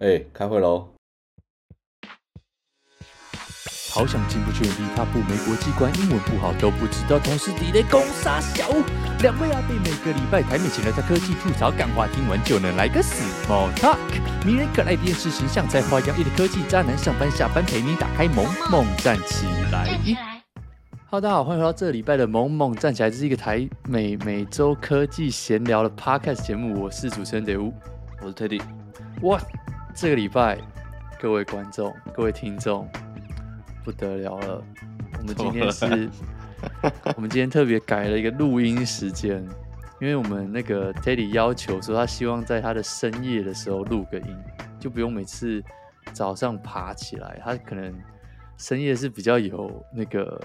哎、欸，開會嘍！好想進不去理髮部，沒國際觀，英文不好，都不知道同事地雷攻殺小屋。兩位阿伯每個禮拜台美前聊在科技吐槽幹話，聽完就能來個 small talk 迷人可愛電視形象，在花膠裡的科技渣男，上班下班陪你打開萌萌站起來。Hello，大家好，歡迎回到這禮拜的萌萌站起來，這是一個台美每週科技閒聊的 Podcast 節目，我是主持人德屋，我是 Teddy，What。這個禮拜，各位觀眾、各位聽眾，不得了了！我們今天是，錯了 我們今天特別改了一個錄音時間，因為我們那個 Teddy 要求說，他希望在他的深夜的時候錄個音，就不用每次早上爬起來，他可能深夜是比較有那個。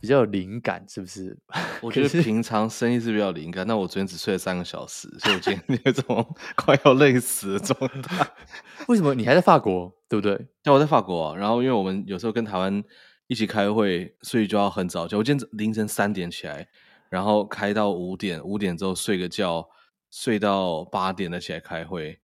比較有靈感，是不是？我覺得平常生意是比較靈感。是那我昨天只睡了三個小時，所以我今天這種快要累死的狀態。 為什麼你還在法國？對不對？對、啊，我在法國、啊。然後因為我們有時候跟台灣一起開會，所以就要很早就。就我今天凌晨三點起來，然後開到五點，五點之後睡個覺，睡到八點再起來開會，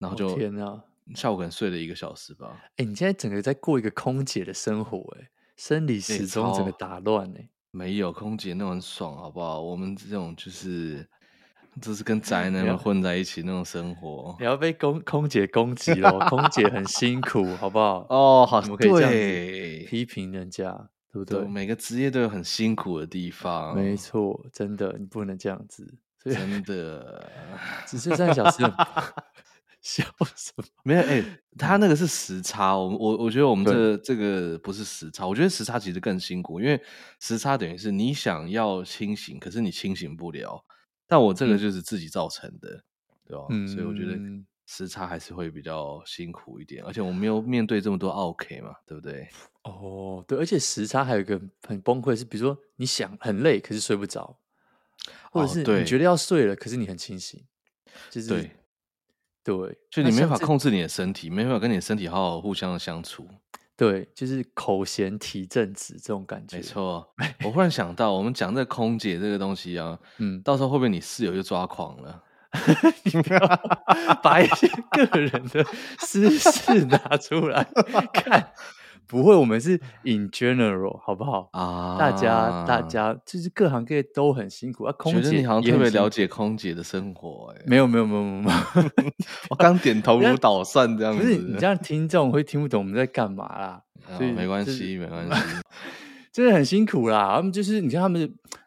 然後就天啊，你下午可能睡了一個小時吧。哎、啊欸，你現在整個在過一個空姐的生活、欸，哎。生理時鐘整個打亂呢、欸欸，沒有空姐那種很爽，好不好？我們這種就是，都是跟宅男混在一起那種生活。你要被空空姐攻擊了，空姐很辛苦， 好不好？哦，好，你們可以這樣子批評人家，對對不對？對，每個職業都有很辛苦的地方，沒錯，真的，你不能這樣子，真的，呃、只是三個小時。 沒有哎，欸，他那個是時差。我我我覺得我們這對這個不是時差，我覺得時差其實更辛苦，因為時差等於是你想要清醒，可是你清醒不了。但我這個就是自己造成的，嗯，對吧？所以我覺得時差還是會比較辛苦一點，而且我們沒有面對這麼多 OK 嘛，對不對？哦，對，而且時差還有一個很崩潰是，比如說你想很累，可是睡不着，或者是你覺得要睡了，哦，可是你很清醒，就是。對對，就你沒法控制你的身體，啊、沒法跟你的身體好好互相相處。對，就是口嫌體正直這種感覺。沒錯、啊， 我忽然想到，我們講這空姐這個東西啊，嗯，到時候會不會你室友就抓狂了， 你不要把一些個人的私事拿出來看？不會，我們是 in general，好不好啊？大家，大家就是各行各業都很辛苦啊，空姐辛苦。覺得你好像特別了解空姐的生活，哎，沒有，沒有，沒有，沒有，我 剛點頭如搗蒜這樣子。不是，你這樣聽眾會聽不懂我們在幹嘛啦。沒關係，沒關係，真的、就是、 很辛苦啦。他們就是你看，他們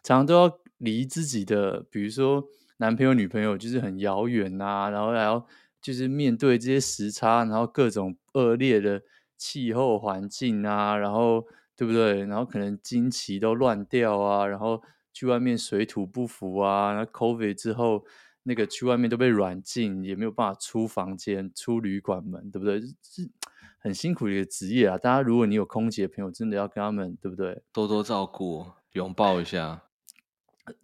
常常都要離自己的，比如說男朋友、女朋友，就是很遙遠啊。然後還要就是面對這些時差，然後各種惡劣的。氣候環境啊，然後對不對？然後可能經期都亂掉啊，然後去外面水土不服啊。那 COVID 之後，那個去外面都被軟禁，也沒有辦法出房間、出旅館門，對不對？是很辛苦的一個職業啊。大家，如果你有空姐的朋友，真的要跟他們，對不對？多多照顧，擁抱一下。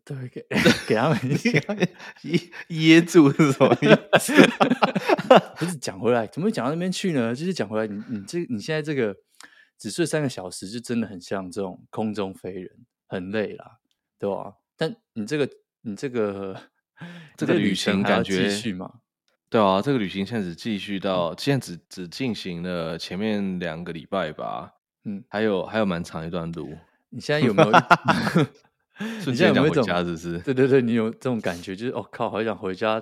對，給給他們一 噎噎住是什麼意思？ 不是講回來，怎麼會講到那邊去呢？就是講回來，你你這你現在這個只睡三個小時，就真的很像這種空中飛人，很累啦，對吧？但你這個，你這個，你這個，這個旅行感覺，對啊，這個旅行現在只繼續到，現在只只進行了前面兩個禮拜吧？嗯，還有還有蠻長一段路。你現在有沒有？ 瞬間想回家，是不是有沒有？對對對，你有這種感覺，就是哦靠，好想回家，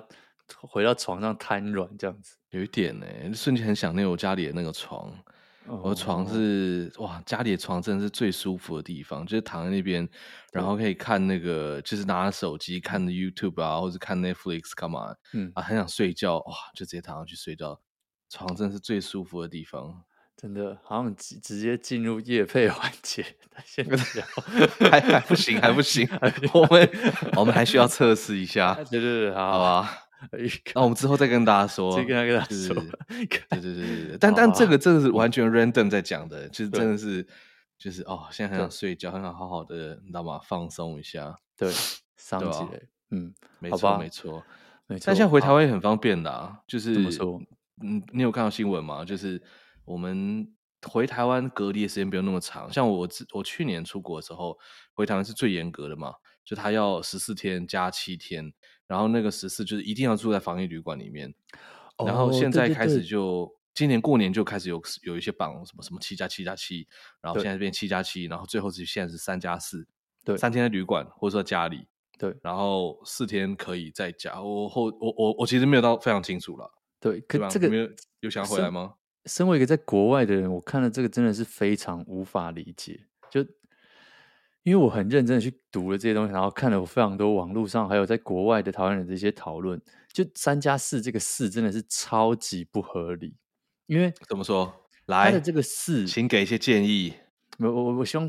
回到床上癱軟這樣子。有一點呢、欸，瞬間很想念我家裡的那個床，哦哦哦我的床是哇，家裡的床真的是最舒服的地方，就是躺在那邊，然後可以看那個，對就是拿着手機看 YouTube 啊，或者看 Netflix 幹嘛，嗯啊，很想睡覺，哇，就直接躺上去睡覺，床真的是最舒服的地方。真的好像直直接進入業配環節，先不聊，還還不行，還不行，我們我們還需要測試一下，對對對，好好吧？那我們之後再跟大家說，再跟大家說，對對對對，但但這個這個是完全 random 在講的，其實真的是就是哦，現在很想睡覺，很想好好的，你知道嗎？放鬆一下，對，傷起嗯，沒錯沒錯，但現在回台灣也很方便的，就是怎麼說？嗯，你有看到新聞嗎？就是。我們回台灣隔離的時間不用那麼長，像我我我去年出國的時候回台灣是最嚴格的嘛，就他要十四天加七天，然後那個十四就是一定要住在防疫旅館裡面，哦，然後現在開始就對對對，今年過年就開始有有一些綁什麼什麼七加七加七，7 7，然後現在變七加七，7, 對然後最後是現在是三加四，4，對，三天在旅館或者說家裡，對，然後四天可以在家，我後我我我，我其實沒有到非常清楚了，對，對吧可這個沒有，有想回來嗎？身為一個在國外的人，我看了這個真的是非常無法理解。就因為我很認真的去讀了這些東西，然後看了我非常多網絡上還有在國外的台灣人這些討論，就三加四這個四真的是超級不合理。因為四，怎麼說？來，他的這個四，請給一些建議。我我我希望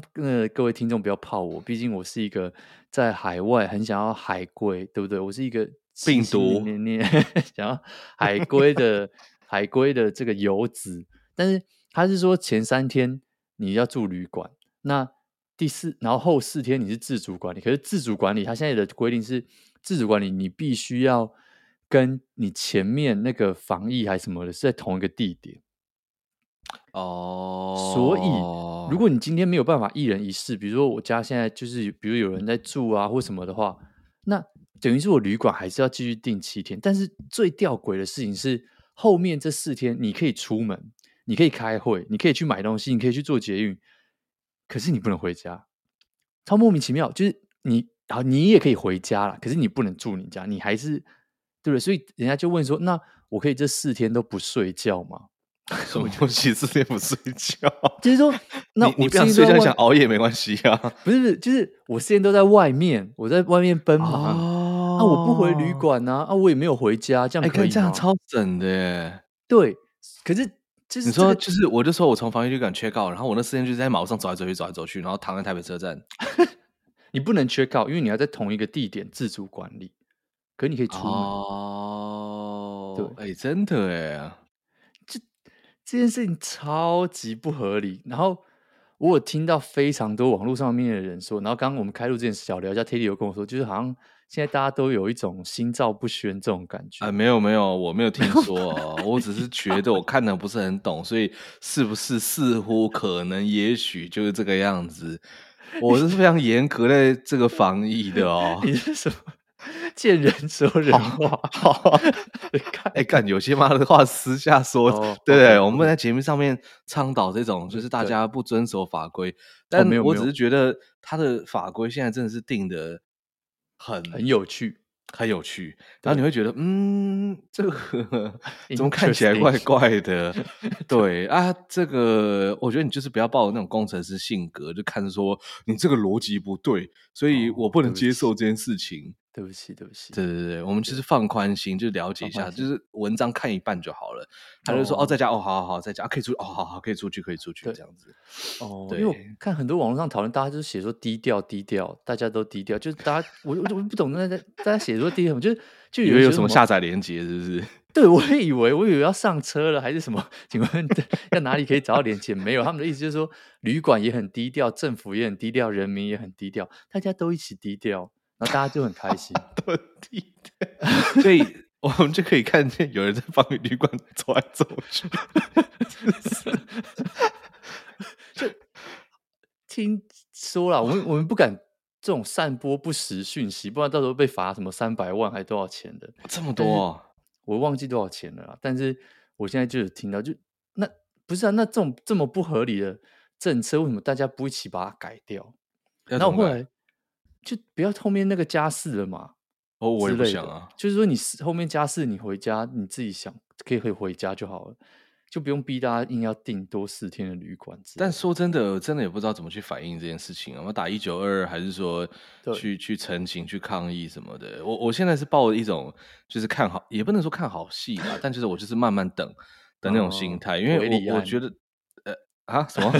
各位聽眾不要泡我，畢竟我是一個在海外很想要海歸，對不對？我是一個七七年年年年病毒 想要海歸的。 海歸的這個游子，但是他是說前三天你要住旅館，那第四，然後後四天你是自主管理。可是自主管理，他現在的規定是自主管理，你必須要跟你前面那個防疫還是什麼的，在同一個地點。哦，oh. 所以如果你今天沒有辦法一人一室，比如說我家現在就是比如有人在住啊或什麼的話，那等於是我旅館還是要繼續訂七天。但是最吊詭的事情是。後面這四天，你可以出門，你可以開會，你可以去買東西，你可以去坐捷運，可是你不能回家。超莫名其妙，就是你啊，你也可以回家了，可是你不能住你家，你還是對不對？所以人家就問說：“那我可以這四天都不睡覺嗎？什麼東西四天不睡覺？ 就是說，那你，我你，你不想睡覺，想熬夜沒關係啊？ 不是，不是，就是我四天都在外面，我在外面奔跑。哦，”啊！我不回旅館吶、啊，啊，我也沒有回家，這樣可以嗎？欸、這樣超整的耶，對，可是就是、這個、你說就是，我就說我從防疫旅館就敢缺告，然後我那時間就是在馬路上走來走去，走來走去，然後躺在台北車站。 你不能缺告，因為你要在同一個地點自主管理，可是你可以出門。哦，oh, 對，哎、欸，真的哎，這這件事情超級不合理。然後我有聽到非常多網絡上面的人說，然後剛剛我們開路之前小聊一下 Teddy 有跟我說，就是好像。現在大家都有一種心照不宣這種感覺啊、呃，沒有沒有，我沒有聽說、哦， 我只是覺得我看的不是很懂，所以是不是似乎可能也許就是這個樣子？我是非常嚴格的這個防疫的哦。 你是什麼見人說人話？看 哎幹有些罵的話私下說，對、 哦、對？okay. 我們會在節目上面倡導這種，就是大家不遵守法規，對對，但我只是覺得他的法規現在真的是定的。很很有趣，很有趣，有趣對然後你會覺得，嗯，這個呵呵怎麼看起來怪怪的？In just 對啊，這個我覺得你就是不要抱有那種工程師性格，就看說你這個邏輯不對，所以我不能接受這件事情。哦，對不起對不起，對不起。對對對我們其實放寬心，對就是了解一下，就是文章看一半就好了。他就說：“哦，哦，在家哦，好好好，在家、啊、可以出去哦，好好可以出去，可以出去對這樣子。”哦，對因為我看很多網絡上討論，大家都寫說低調低調，大家都低調，就是大家我我我不懂，那在大家寫說低調，就是就以為有什以為有什麼下載連接，是不是？對，我以為我以為要上車了還是什麼？請問在哪裡可以找到連接？ 沒有，他們的意思就是說，旅館也很低調，政府也很低調，人民也很低調，大家都一起低調。那大家就很開心， 對，對對，所以我們就可以看見有人在防疫旅館走來走去。 就聽說了，我們我們不敢這種散播不實訊息，不然到時候被罰什麼三百萬還多少錢的，這麼多，我忘記多少錢了。但是我現在就有聽到就，就那不是啊，那這種這麼不合理的政策，為什麼大家不一起把它改掉？改然後我後來。就不要後面那個加四了嘛，哦，我也不想啊。就是說你後面加四，你回家你自己想可以可以回家就好了，就不用逼大家硬要訂多四天的旅館。但說真的，我真的也不知道怎麼去反映這件事情啊，我們打一九二二還是說去對去陳情，去抗議什麼的？我我現在是抱著一種就是看好，也不能說看好戲吧， 但就是我就是慢慢等的那種心態，啊、因為我我覺得。啊什麼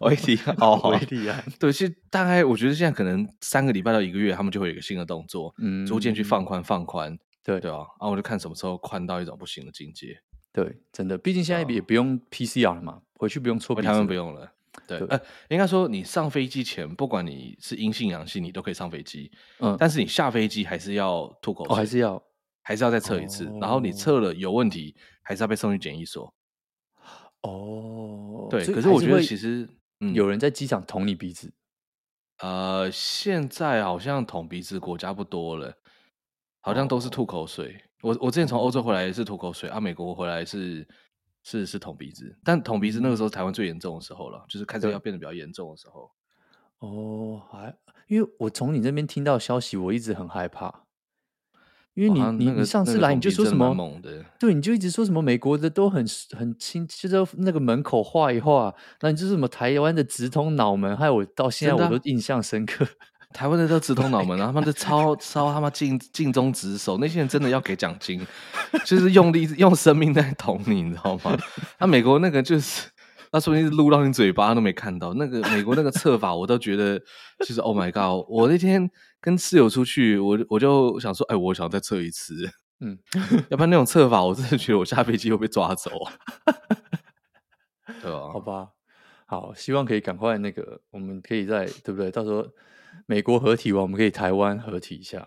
威力啊？威力啊！對，其實大概我覺得現在可能三個禮拜到一個月，他們就會有一個新的動作，嗯，逐漸去放寬放寬，對對啊，然後我就看什麼時候寬到一種不行的境界。對，真的，畢竟現在也不用 PCR 了嘛，回去不用搓鼻，他們不用了。對，哎，應該說你上飛機前，不管你是陰性陽性，你都可以上飛機，嗯，但是你下飛機還是要吐口水，還是要還是要再測一次，然後你測了有問題，還是要被送去檢疫所。哦。對，可是我覺得其實，嗯，有人在機場捅你鼻子？嗯，呃，現在好像捅鼻子國家不多了，好像都是吐口水。Oh. 我我之前從歐洲回來是吐口水，oh. 啊，美國回來是是是捅鼻子，但捅鼻子那個時候台灣最嚴重的時候啦，就是開始要變得比較嚴重的時候。哦，還、oh, 因為我從你這邊聽到消息，我一直很害怕。因為你哇你、那個、你上次來你就說什麼，的猛的對，你就一直說什麼美國的都很很輕，就是那個門口畫一畫，那你就是什麼台灣的直通腦門，害我到現在我都印象深刻。啊、 台灣的都直通腦門、啊，然後他們就超 超，超他媽盡盡忠職守，那些人真的要給獎金，就是用力 用生命在捅你，你知道嗎？他、 啊、美國那個就是，他說不定擼到你嘴巴都沒看到。那個美國那個策法，我都覺得就是、 就是、Oh my God！我那天。跟室友出去，我我就想說，哎，我想再測一次，嗯， 要不然那種測法，我真的覺得我下飛機會被抓走， 對吧、啊？好吧，好，希望可以趕快那個，我們可以在對不對？到時候美國合體完，我們可以台灣合體一下，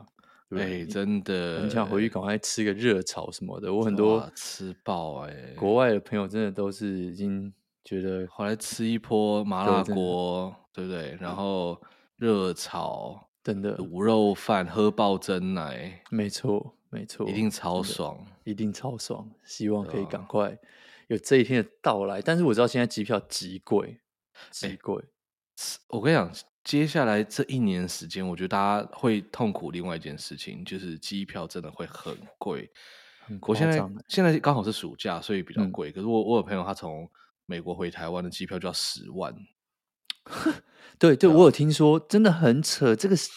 對不對、欸、真的，很想回去趕快吃個熱炒什麼的，我很多吃爆哎、欸，國外的朋友真的都是已經覺得回來吃一波麻辣鍋，的對不對？然後熱炒。嗯真的滷肉飯喝爆珍奶，沒錯沒錯，一定超爽，一定超爽。希望可以趕快有這一天的到來。啊、但是我知道現在機票極貴，極貴、欸？我跟你講，接下來這一年時間，我覺得大家會痛苦。另外一件事情就是機票真的會很貴。很欸、我現在現在剛好是暑假，所以比較貴。嗯、可是我我有朋友他從美國回台灣的機票就要十萬。對 對，對後我有聽說，真的很扯。這個是，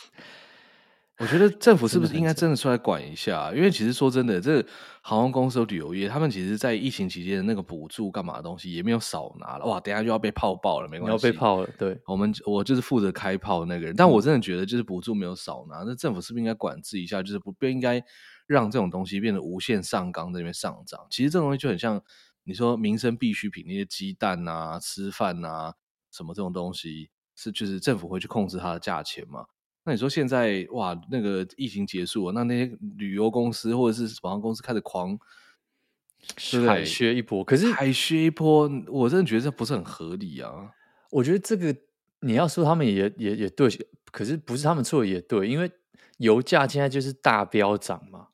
我覺得政府是不是應該真的出來管一下，啊。因為其實說真的，這航空公司、旅遊業，他們其實，在疫情期間的那個補助幹嘛的東西也沒有少拿了。哇，等一下就要被炮爆了，沒關係要被炮了。對，我們我就是負責開炮的那個人。但我真的覺得，就是補助沒有少拿，嗯、那政府是不是應該管制一下？就是不不應該讓這種東西變得無限上綱在那邊上漲。其實這種東西就很像你說民生必需品，那些雞蛋啊、吃飯啊。什麼這種東西是就是政府會去控制它的價錢嘛？那你說現在哇，那個疫情結束了，那那些旅遊公司或者是航空公司開始狂海對削一波，可是海削一波，我真的覺得這不是很合理啊？我覺得這個你要說他們也也也對，可是不是他們錯也對，因為油價現在就是大飆漲嘛，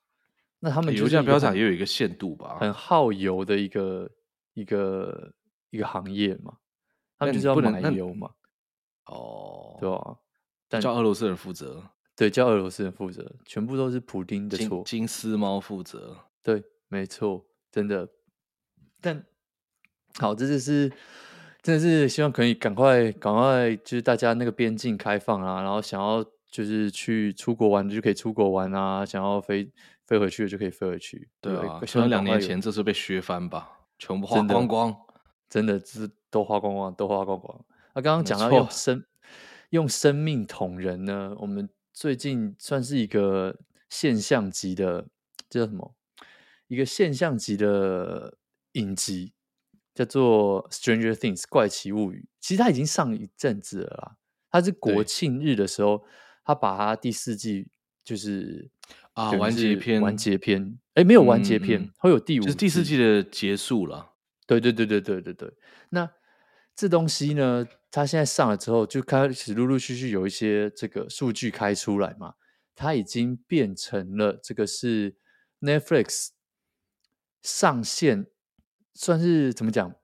那他們油價飆漲也有一個限度吧？很耗油的一個一個一個行業嘛。他們就是要不能買油嘛，哦，對啊。但叫俄羅斯人負責，對，叫俄羅斯人負責，全部都是普丁的錯，金絲貓負責，對，沒錯，真的。但好，這就是真的是希望可以趕快趕快，趕快就是大家那個邊境開放啊，然後想要就是去出國玩就可以出國玩啊，想要飛飛回去的就可以飛回去，對啊。對希望兩年前，這次被削翻吧，全部花光光。真的，就是都花光光，都花光光。那剛剛講到用生錯用生命捅人呢？我們最近算是一個現象級的，叫什麼？一個現象級的影集，叫做《Stranger Things》怪奇物語。其實它已經上一陣子了啦，它是國慶日的時候，他對把他第四季就是啊完結篇，完結篇，哎、欸，沒有完結篇，會、嗯、有第五季，就是第四季的結束了。對對對對對對對，那這東西呢？它現在上了之後，就開始陸陸續續有一些這個數據開出來嘛。它已經變成了這個是 Netflix 上線，算是怎麼講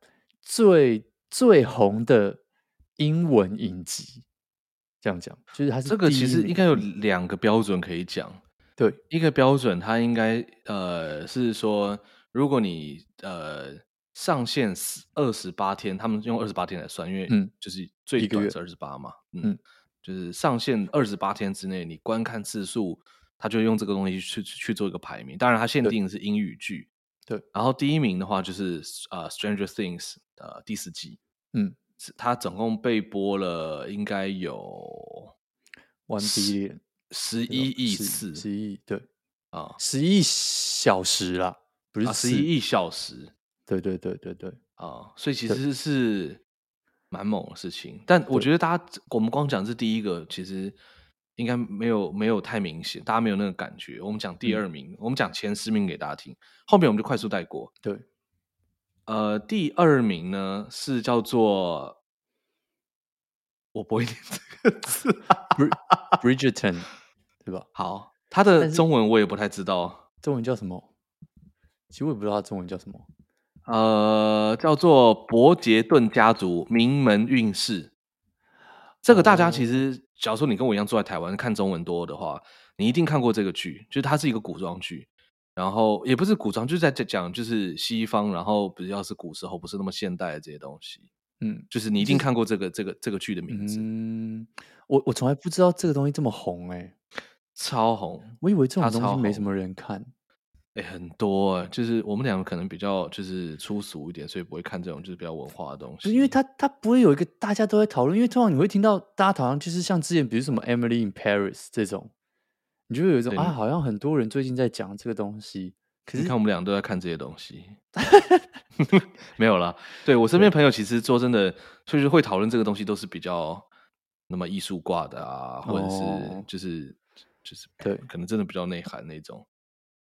最最紅的英文影集。這樣講，就是它是這個其實應該有兩個標準可以講。對，一個標準它應該呃是說，如果你呃。上線二十八天，他們用二十八天來算，因為嗯，就是最短是二十八嘛，嗯，嗯就是上線二十八天之內，你觀看次數，他就用這個東西去去做一個排名。當然，他限定的是英語劇，對。然後第一名的話就是啊，《Stranger Things》呃，的第四季，嗯，他總共被播了應該有十，十十一億次，十,十一對啊，嗯、十一小時了，不是、啊、十一億小時。對對對對對啊、哦！所以其實是蠻猛的事情，對但我覺得大家對我們光講這第一個，其實應該沒有沒有太明顯，大家沒有那個感覺。我們講第二名，嗯、我們講前十名給大家聽，後面我們就快速帶過。對，呃，第二名呢是叫做我不會念這個字 ，Bridgerton，Brid 對吧？好，他的中文我也不太知道，中文叫什麼？其實我也不知道他中文叫什麼。呃，叫做伯傑頓家族，名門韻事。這個大家其實，假如說你跟我一樣住在台灣，看中文多的話，你一定看過這個劇。就是它是一個古裝劇，然後也不是古裝，就是在講就是西方，然後比較是古時候，不是那麼現代的這些東西。嗯，就是你一定看過這個就這個這個劇的名字。嗯，我我從來不知道這個東西這麼紅誒、欸，超紅！我以為這種東西沒什麼人看。哎、欸，很多，就是我們兩個可能比較就是粗俗一點，所以不會看這種就是比較文化的東西。因為他他不會有一個大家都在討論，因為通常你會聽到大家好像就是像之前，比如什麼 Emily in Paris 這種，你就會有一種對啊，好像很多人最近在講這個東西。可是你看我們兩個都在看這些東西， 沒有啦。對，我身邊朋友，其實說真的，所以就會討論這個東西，都是比較那麼藝術掛的啊，或者是就是、哦、就是、就是、對，可能真的比較內涵那種。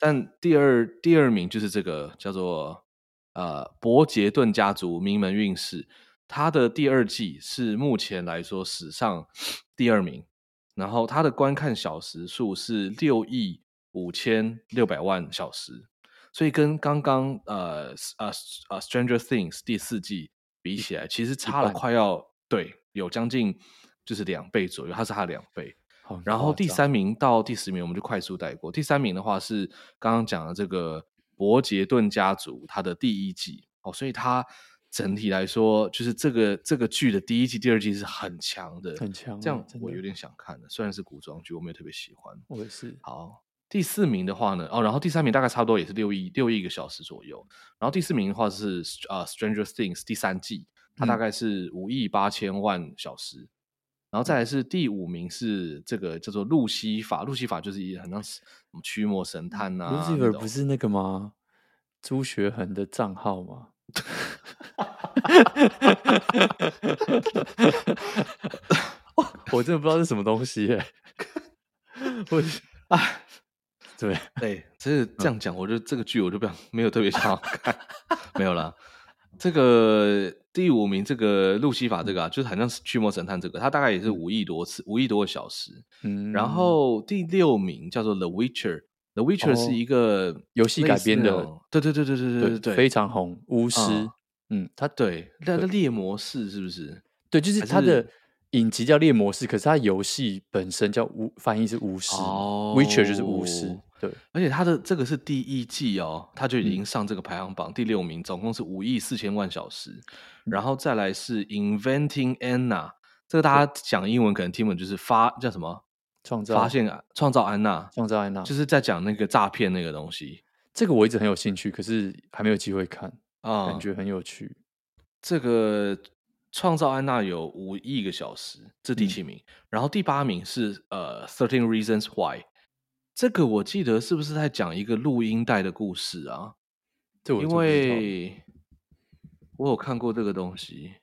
但第二第二名，就是這個叫做呃，柏捷頓家族名門韻事。它的第二季是目前來說史上第二名，然後它的觀看小時數是六億五千六百萬小時，所以跟剛剛呃呃呃《Stranger Things》第四季比起來，其實差了快要對有將近就是兩倍左右，它是它的兩倍。好，然後第三名到第十名我們就快速帶過。第三名的話是剛剛講的這個伯杰頓家族，它的第一季哦，所以它整體來說就是這個、嗯、這個劇的第一季、第二季是很強的，很強、啊。這樣我有點想看了，的雖然是古裝劇，我沒有特別喜歡。我也是。好，第四名的話呢，哦，然後第三名大概差不多也是六億六億個小時左右。然後第四名的話是啊 uh，《Stranger Things》第三季，它、嗯、大概是五億八千萬小時。然後再來是第五名，是這個叫做露西法，露西法就是一樣很像什麼驅魔神探啊。路西法不是那個嗎？朱學恆的賬號嗎？我真的不知道是什麼東西耶 我哎、啊，對對， 其實這樣講，嗯、我覺得這個劇我就比較沒有特別想看， 沒有啦。這個第五名，這個《路西法》這個啊，就是好像是《驅魔神探》這個，它大概也是五億多次，五億多個小時。嗯，然後第六名叫做《The Witcher》，The Witcher 是一個遊戲改編的，對對對對對對，非常紅，巫師。嗯，它對，那個獵魔士是不是？對，就是它的影集叫獵魔士，可是它遊戲本身叫巫，翻譯是巫師，Witcher 就是巫師。而且他的這個是第一季哦，他就已經上這個排行榜第六名，總共是五億四千萬小時。然後再來是 Inventing Anna，這個大家講英文可能聽不懂，就是發叫什麼創造發現啊、創造安娜、創造安娜，就是在講那個詐騙那個東西。這個我一直很有興趣，可是還沒有機會看啊，感覺很有趣。這個創造安娜有五億個小時，這第七名。然後第八名是呃 Thirteen Reasons Why。這個我記得是不是在講一個錄音帶的故事啊？這因為我有看過這個東西。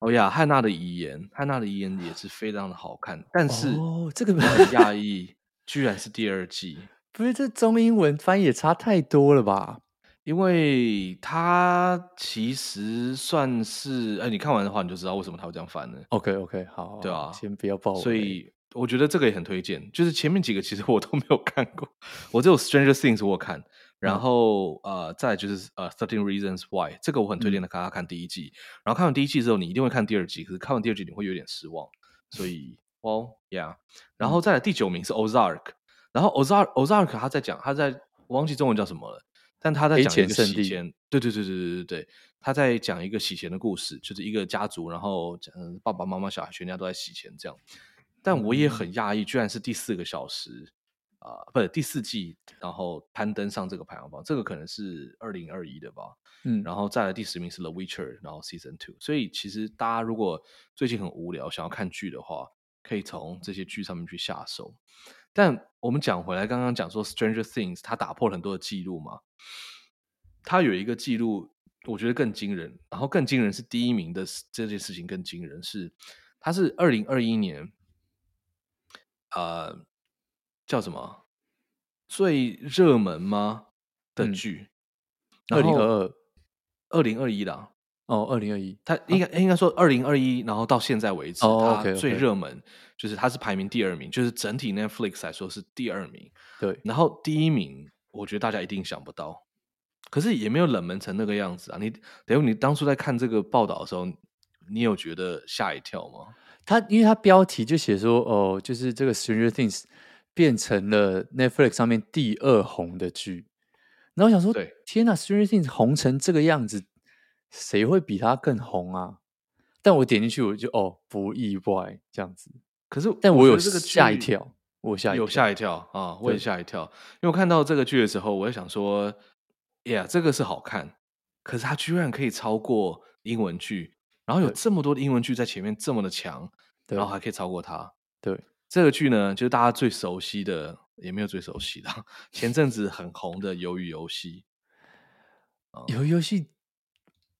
哦呀，漢娜的遺言，漢娜的遺言也是非常的好看， 但是哦，這個很訝異，居然是第二季。不是這中英文翻譯也差太多了吧？因為它其實算是，哎，你看完的話你就知道為什麼它會這樣翻了。OK OK，好，對啊，先不要爆，所以。我覺得這個也很推薦，就是前面幾個其實我都沒有看過。我只有 Stranger Things 我有看，然後、嗯、呃，再就是呃 Thirteen、uh, Reasons Why 這個我很推薦大家看，看第一季。嗯、然後看完第一季之後，你一定會看第二季，可是看完第二季你會有點失望。所以哦、嗯 well, yeah。然後再來第九名是 Ozark，、嗯、然後 Ozark，Ozark 他在講他在，我忘記中文叫什麼了，但他在講一個洗錢，聖對對對對對對,對,對他在講一個洗錢的故事，就是一個家族，然後嗯，爸爸媽媽小孩全家都在洗錢這樣。但我也很訝異，嗯、居然是第四個小時啊、呃，不是第四季，然後攀登上這個排行榜，這個可能是二零二一的吧，嗯，然後再來第十名是《The Witcher》，然後 Season Two，所以其實大家如果最近很無聊，想要看劇的話，可以從這些劇上面去下手。嗯、但我們講回來，剛剛講說《Stranger Things》，它打破了很多的記錄嘛，他有一個記錄，我覺得更驚人，然後更驚人是第一名的這件事情更驚人是，他是二零二一年。呃，uh, 叫什麼最熱門嗎的劇？二零二二，二零二一啦哦，二零二一，他應該、啊、應該說二零二一，然後到現在為止，他、哦、最熱門、哦、okay, okay 就是他是排名第二名，就是整體 Netflix 來說是第二名。對，然後第一名，我覺得大家一定想不到，可是也沒有冷門成那個樣子啊。你等於你當初在看這個報道的時候，你有覺得嚇一跳嗎？他，因為他標題就寫說，哦，就是這個《Stranger Things》變成了 Netflix 上面第二紅的劇，然後我想說，對天吶，《Stranger Things》紅成這個樣子，誰會比它更紅啊？但我點進去，我就哦，不意外這樣子。可是，但我有我這個嚇一跳，我嚇有嚇一跳，有嚇一跳啊！我也嚇一跳，對因為我看到這個劇的時候，我就想說，Yeah，這個是好看，可是它居然可以超過英文劇。然後有這麼多的英文劇在前面這麼的強，對然後還可以超過它。對，這個劇呢，就是大家最熟悉的，也沒有最熟悉的。前陣子很紅的《魷魚遊戲》 嗯，《魷魚遊戲》，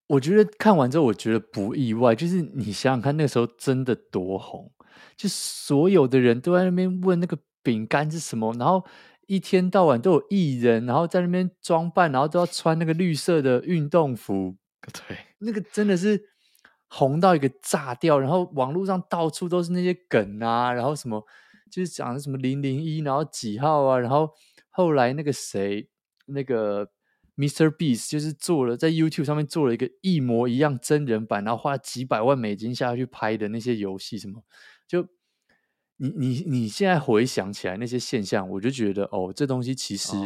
我覺得看完之後我覺得不意外，就是你想想看，那個時候真的多紅，就所有的人都在那邊問那個餅乾是什麼，然後一天到晚都有藝人，然後在那邊裝扮，然後都要穿那個綠色的運動服，對，那個真的是。紅到一個炸掉，然後網絡上到處都是那些梗啊，然後什麼，就是講什麼零零一，然後幾號啊，然後後來那個誰，那個 Mr. Beast 就是做了，在 YouTube 上面做了一個一模一樣真人版，然後花幾百萬美金下去拍的那些遊戲，什麼就。你你你現在回想起來那些現象，我就覺得哦，這東西其實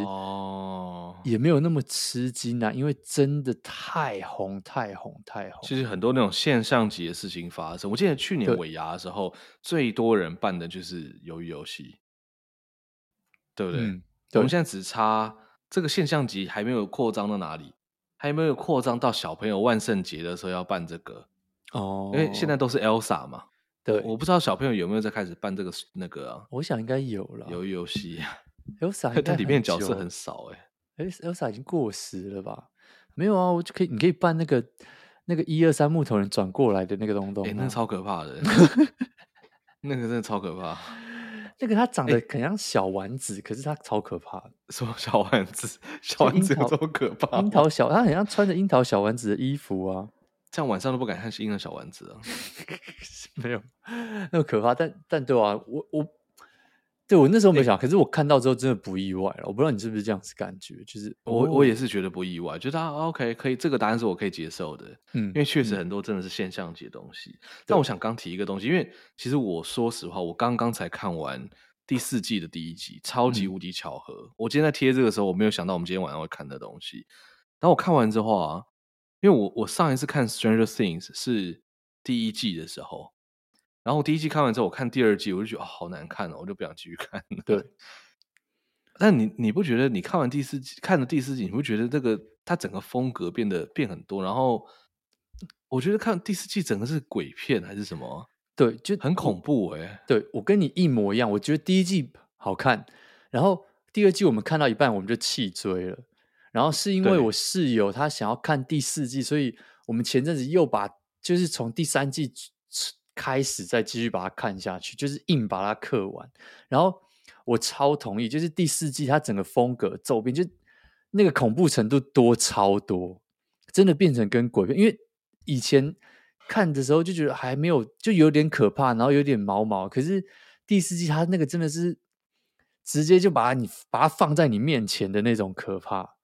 也沒有那麼吃驚啊，哦、因為真的太紅太紅太紅。太紅其實很多那種現象級的事情發生，我記得去年尾牙的時候，對最多人辦的就是游魚遊戲，對不對？嗯、對我們現在只差這個現象級還沒有擴張到哪裡，還沒有擴張到小朋友萬聖節的時候要辦這個哦，因為現在都是 Elsa 嘛。對，我不知道小朋友有沒有在開始辦這個那個啊，我想應該有了。有遊戲，Elsa，但裡面角色很少哎、欸欸、Elsa 已經過時了吧？沒有啊，我就可以，你可以辦那個那個一二三木頭人轉過來的那個東東、啊，哎、欸，那個、超可怕的、欸， 那個真的超可怕。那個他長得很像小丸子，欸、可是他超可怕的。什麼小丸子？小丸子有多可怕？櫻桃、櫻桃小，他很像穿着櫻桃小丸子的衣服啊。這樣晚上都不敢看《新的小丸子》啊， 沒有那麼可怕，但但對啊，我我，對我那時候沒想，欸、可是我看到之後真的不意外了。我不知道你是不是這樣子感覺，就是我我，我也是覺得不意外，覺得、啊、OK 可以，這個答案是我可以接受的。嗯，因為確實很多真的是現象級的東西。嗯、但我想剛提一個東西，因為其實我說實話，我剛剛才看完第四季的第一集，嗯、超級無敵巧合。嗯、我今天在貼這個時候，我沒有想到我們今天晚上會看的東西。然後我看完之後啊。因為我我上一次看《Stranger Things》是第一季的時候，然後我第一季看完之後，我看第二季，我就覺得好難看哦，我就不想繼續看了。對，但你你不覺得你看完第四季，看了第四季，你不覺得這個它整個風格變得變很多？然後我覺得看第四季整個是鬼片還是什麼？對，就很恐怖誒、欸，對，我跟你一模一樣，我覺得第一季好看，然後第二季我們看到一半我們就棄追了。然後是因為我室友他想要看第四季，對所以我們前陣子又把就是從第三季開始再繼續把它看下去，就是硬把它看完。然後我超同意，就是第四季它整個風格驟變，就那個恐怖程度多超多，真的變成跟鬼片。因為以前看的時候就覺得還沒有，就有點可怕，然後有點毛毛。可是第四季它那個真的是直接就把你把它放在你面前的那種可怕。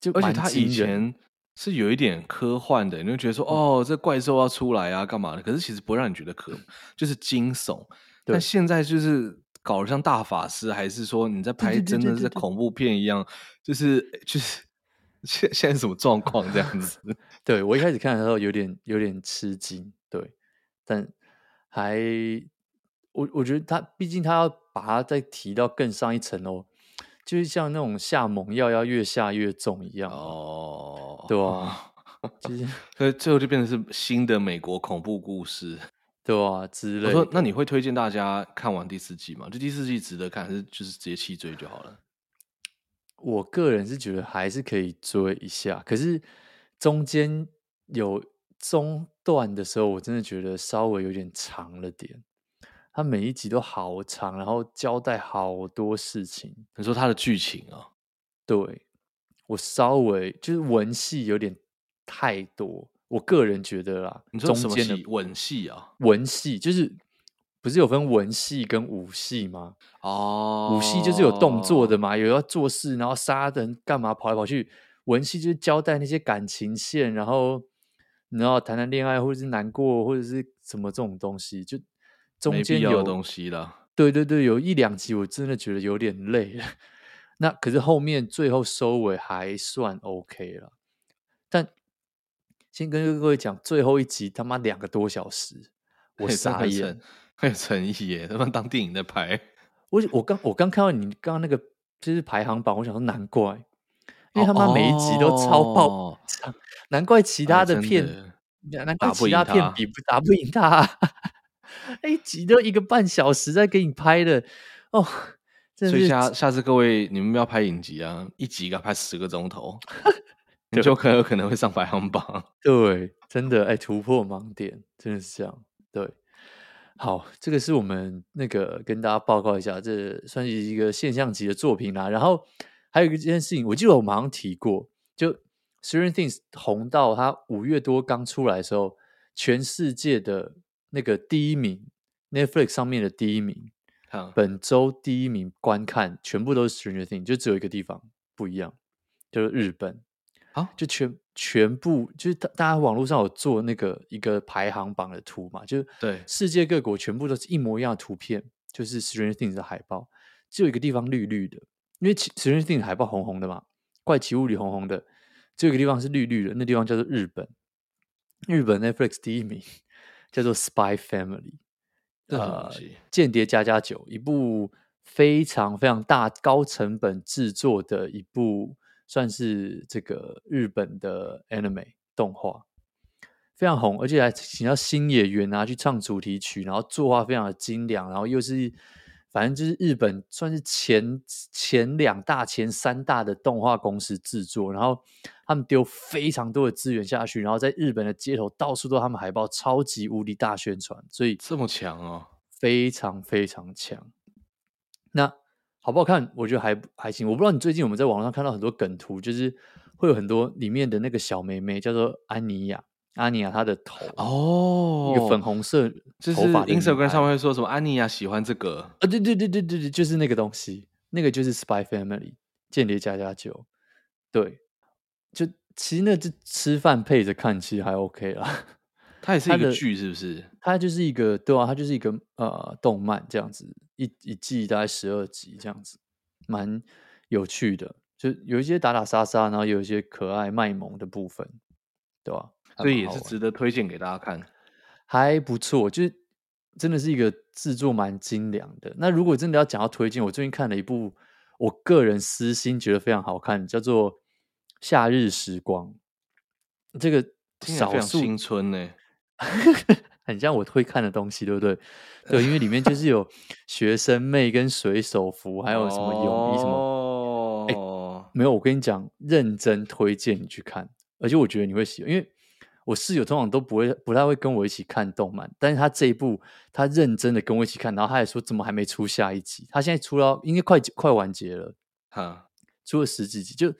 就而且他以前是有一點科幻的，你會覺得說哦，這怪獸要出來啊，幹嘛的？可是其實不會讓你覺得可，就是驚悚。對但現在就是搞得像大法師，還是說你在拍真的是在恐怖片一樣？就是就是現現在什麼狀況這樣子？ 對，我一開始看的時候有點有點吃驚，對，但還我我覺得他畢竟他要把它再提到更上一層哦。就是像那種下猛藥要，要越下越重一樣，哦，oh. 對啊。所以、 就是、最後就變成是新的美國恐怖故事，對啊之類。我說，那你會推薦大家看完第四季嗎？就第四季值得看，還是就是直接棄追就好了？我個人是覺得還是可以追一下，可是中間有中段的時候，我真的覺得稍微有點長了點。他每一集都好長，然後交代好多事情。你說他的劇情啊？對，我稍微就是文戲有點太多。我個人覺得啦，你說什麼戲，中間的，文戲啊？文戲就是不是有分文戲跟武戲嗎？哦，武戲就是有動作的嘛，有要做事，然後殺人、幹嘛、跑來跑去。文戲就是交代那些感情線，然後然後談談戀愛，或者是難過，或者是什麼這種東西就。中間有東西了，對對對，有一兩集我真的覺得有點累了，那可是後面最後收尾還算 OK 了。但先跟各位講，最後一集他媽兩個多小時，我傻眼，還有誠意耶，他媽當電影在拍。我我剛我剛看到你剛剛那個就是排行榜，我想說難怪，因為他媽每一集都超爆，難怪其他的片，難怪其他片比不打不贏他，啊。一集都一個半小時在給你拍的哦，的所以下下次各位你們不要拍影集，啊，一集要拍十個鐘頭， 就很有可能會上排行榜。對，真的，哎，突破盲點，真的是這樣。對，好，這個是我們那個跟大家報告一下，這個、算是一個現象級的作品啦。然後還有一件事情，我記得我馬上提過，就《Stranger Things》紅到它五月多剛出來的時候，全世界的。那個第一名，Netflix 上面的第一名，好本周第一名觀看全部都是 Stranger Things，就只有一個地方不一樣，就是日本。啊，就全全部就是大家網絡上有做那個一個排行榜的圖嘛，就對世界各國全部都是一模一樣的圖片，就是 Stranger Things 的海報，只有一個地方綠綠的，因為 Stranger Things 海報紅紅的嘛，怪奇物語紅紅的，只有一個地方是綠綠的，那地方叫做日本，日本 Netflix 第一名。叫做《Spy Family》，呃，《間諜家家酒》9, 一部非常非常大、高成本製作的一部，算是這個日本的 anime 動畫，非常紅，而且還請到星野源啊去唱主題曲，然後作畫非常的精良，然後又是。反正就是日本算是前前兩大、前三大的動畫公司制作，然後他們丟非常多的資源下去，然後在日本的街頭到處都他們海報，超級無敵大宣傳，所以這麼強哦，非常非常強。哦、那好不好看？我覺得還還行。我不知道你最近有沒有在網上看到很多梗圖，就是會有很多裡面的那個小妹妹叫做安妮雅。安妮亞，她的頭哦，一個粉紅色頭髮，就是 Instagram 上面說什麼？安妮亞喜歡這個啊？對對、呃、對對對，就是那個東西，那個就是 Spy Family 間諜家家酒。9, 對，就其實那就吃飯配着看，其實還 OK 啦。它也是一個劇，是不是它？它就是一個對啊，它就是一個呃動漫這樣子，一一季大概十二集這樣子，蠻有趣的。就有一些打打殺殺，然後有一些可愛賣萌的部分，對吧、啊？所以也是值得推薦給大家看，還不錯，就是真的是一個製作蠻精良的。那如果真的要講到推薦，我最近看了一部，我個人私心覺得非常好看，叫做《夏日時光》。這個少數青春呢、欸， 很像我會看的東西，對不對？ 對，因為裡面就是有學生妹跟水手服，還有什麼泳衣什麼。哦、欸，沒有，我跟你講，認真推薦你去看，而且我覺得你會喜歡，因為。我室友通常都不會不太會跟我一起看動漫，但是他這一部他認真的跟我一起看，然後他也說怎麼還沒出下一集？他現在出了，應該快快完結了，哈，出了十幾集，就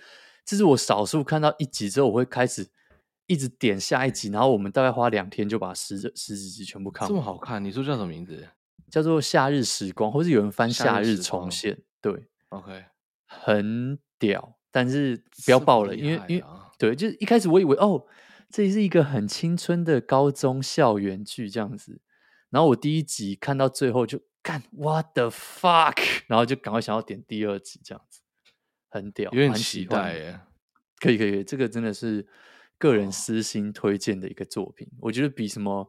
這是我少數看到一集之後我會開始一直點下一集，然後我們大概花兩天就把十十幾集全部看完。這麼好看？你說叫什麼名字？叫做《夏日時光》，或是有人翻《夏日重現》？對，OK，很屌，但是不要爆了，啊、因為因為對，就是一開始我以為哦。這是一個很青春的高中校園劇，這樣子。然後我第一集看到最後就幹 What the fuck！然後就趕快想要點第二集，這樣子很屌，有點期待耶。可以，可以可以，這個真的是個人私心推薦的一個作品，哦、我覺得比什麼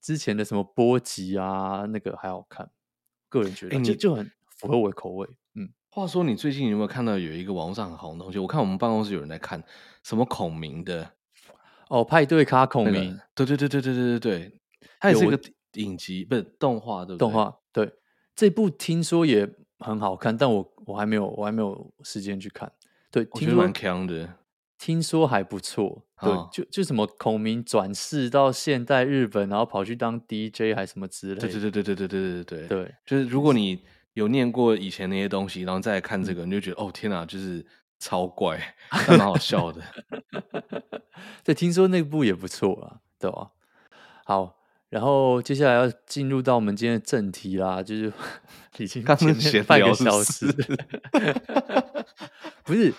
之前的什麼波吉啊那個還好看。個人覺得就、欸、你就很符合我的口味。嗯，話說你最近有沒有看到有一個網絡上很紅的東西？我看我們辦公室有人在看什麼孔明的。哦，派對卡孔明，對對對對對對對對，它也是個影集，不是動畫，對不對？動畫。對，這部聽說也很好看，但我我還沒有，我還沒有時間去看。對，聽說得蠻強的，聽說還不錯。對，就就什麼孔明轉世到現代日本，然後跑去當 DJ 還是什麼之類。對對對對對對對對對，就是如果你有念過以前那些東西，然後再看這個，你就覺得哦天哪，就是。超怪，還蠻好笑的。 對，聽說那部也不錯啊，對吧、啊？好，然後接下來要進入到我們今天的正題啦，就是 已經剛前面半個小時，是 不是？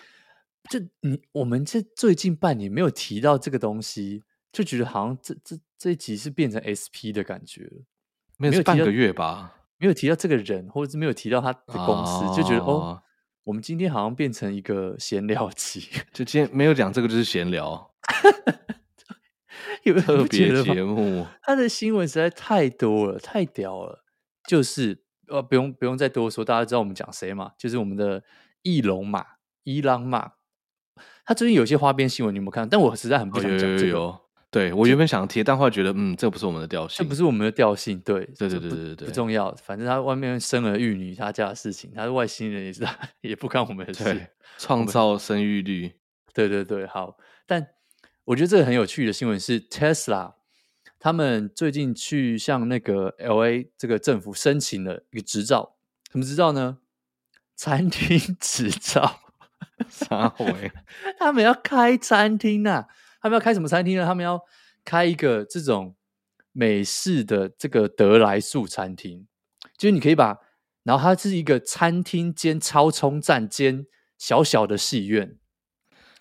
就你我們這最近半年沒有提到這個東西，就覺得好像這這這一集是變成 SP 的感覺，沒有半個月吧沒？沒有提到這個人，或者是沒有提到他的公司，啊、就覺得哦。我們今天好像變成一個閒聊期，就今天沒有講這個，就是閒聊。 有沒有特別節目？他的新聞實在太多了，太屌了。就是呃，不用不用再多說，大家知道我們講誰嘛？就是我們的伊隆馬、伊朗馬。他最近有些花邊新聞，你有沒有看？但我實在很不想講這個。哦有有有有對，我原本想要貼，就但後來覺得，嗯，這不是我們的調性，這不是我們的調性。對，對，對，對，對，對，對，對，對，不重要。反正他外面生兒育女，他家的事情，他是外星人也，也是也不關我們的事。創對們造生育率，對，對，對，好。但我覺得這個很有趣的新聞是，Tesla。他們最近去向那個 LA 這個政府申請了一個執照，什麼執照呢？餐廳執照？啥味 他們要開餐廳吶、啊？他們要開什麼餐廳呢？他們要開一個這種美式的這個得來速餐廳，就是你可以把，然後它是一個餐廳兼超充站兼小小的戲院，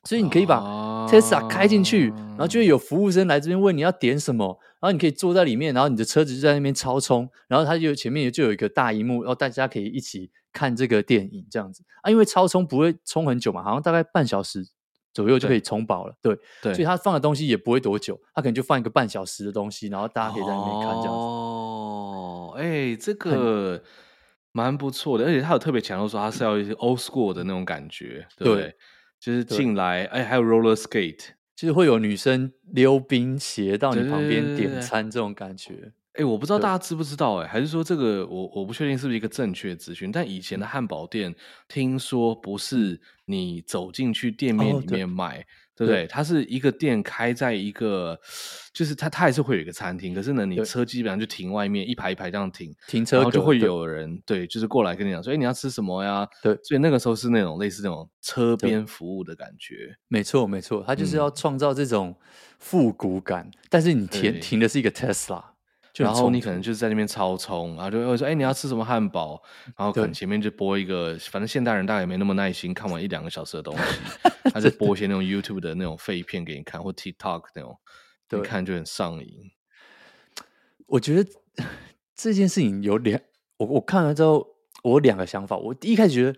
所以你可以把 Tesla 開進去，啊、然後就會有服務生來這邊問你要點什麼，然後你可以坐在裡面，然後你的車子就在那邊超充，然後它就前面就有一個大熒幕，然後大家可以一起看這個電影這樣子啊，因為超充不會充很久嘛，好像大概半小時。左右就可以充飽了，對，對，對，所以他放的東西也不會多久，他可能就放一個半小時的東西，然後大家可以在裡面看，哦、這樣子。哦，哎，這個很蠻不錯的，而且他有特別強調說他是要一些 old school 的那種感覺，對，對就是進來，哎對、欸，還有 roller skate，就是會有女生溜冰鞋到你旁邊點餐對這種感覺。哎，我不知道大家知不知道，哎，還是說這個我我不確定是不是一個正確資訊，但以前的漢堡店，聽說不是你走進去店面裡面買，對不對？它是一個店開在一個，就是它它還是會有一個餐廳，可是呢，你車基本上就停外面一排一排這樣停，停車就會有人對，就是過來跟你講說，哎，你要吃什麼呀？對，所以那個時候是那種類似那種車邊服務的感覺，沒錯沒錯，它就是要創造這種復古感，但是你停停的是一個 Tesla。然後你可能就是在那邊超充，然後就會說：“哎、欸，你要吃什麼漢堡？”然後可能前面就播一個，對反正現代人大概也沒那麼耐心看完一兩個小時的東西， 的他就播一些那種 YouTube 的那種廢片給你看，或 TikTok 那種，一對看就很上癮，我覺得這件事情有兩，我我看完之後，我有兩個想法。我第一開始覺得，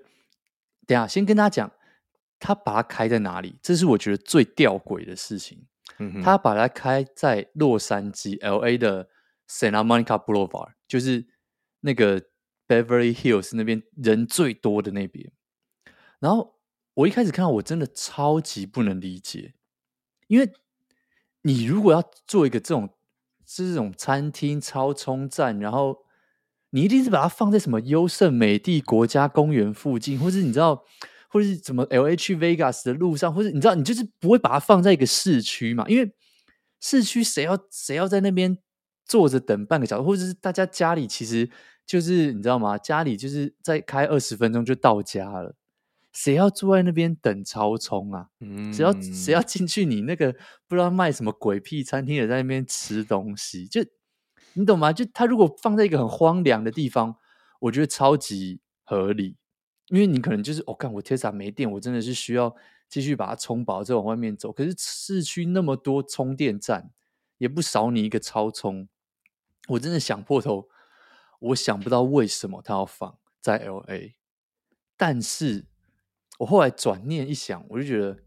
等下先跟他講，他把它開在哪裡，這是我覺得最吊詭的事情。嗯、哼他把它開在洛杉磯 （LA） 的 Santa Monica Boulevard 就是那個 Beverly Hills 那邊人最多的那邊。然後我一開始看到，我真的超級不能理解，因為你如果要做一個這種這種餐廳、超充站，然後你一定是把它放在什麼優勝美地國家公園附近，或者你知道，或者是什麼 LH Vegas 的路上，或者你知道，你就是不會把它放在一個市區嘛？因為市區誰要誰要在那邊？坐着等半個小時，或者是大家家裡其實就是你知道嗎？家裡就是再開二十分鐘就到家了，誰要坐在那邊等超充啊？嗯，誰要誰要進去你那個不知道賣什麼鬼屁餐廳也在那邊吃東西，就你懂嗎？就它如果放在一個很荒涼的地方，我覺得超級合理，因為你可能就是哦，看我 Tesla 沒電，我真的是需要繼續把它充飽，再往外面走。可是市區那麼多充電站，也不少你一個超充。我真的想破頭，我想不到為什麼他要放在 LA，但是我後來轉念一想，我就覺得，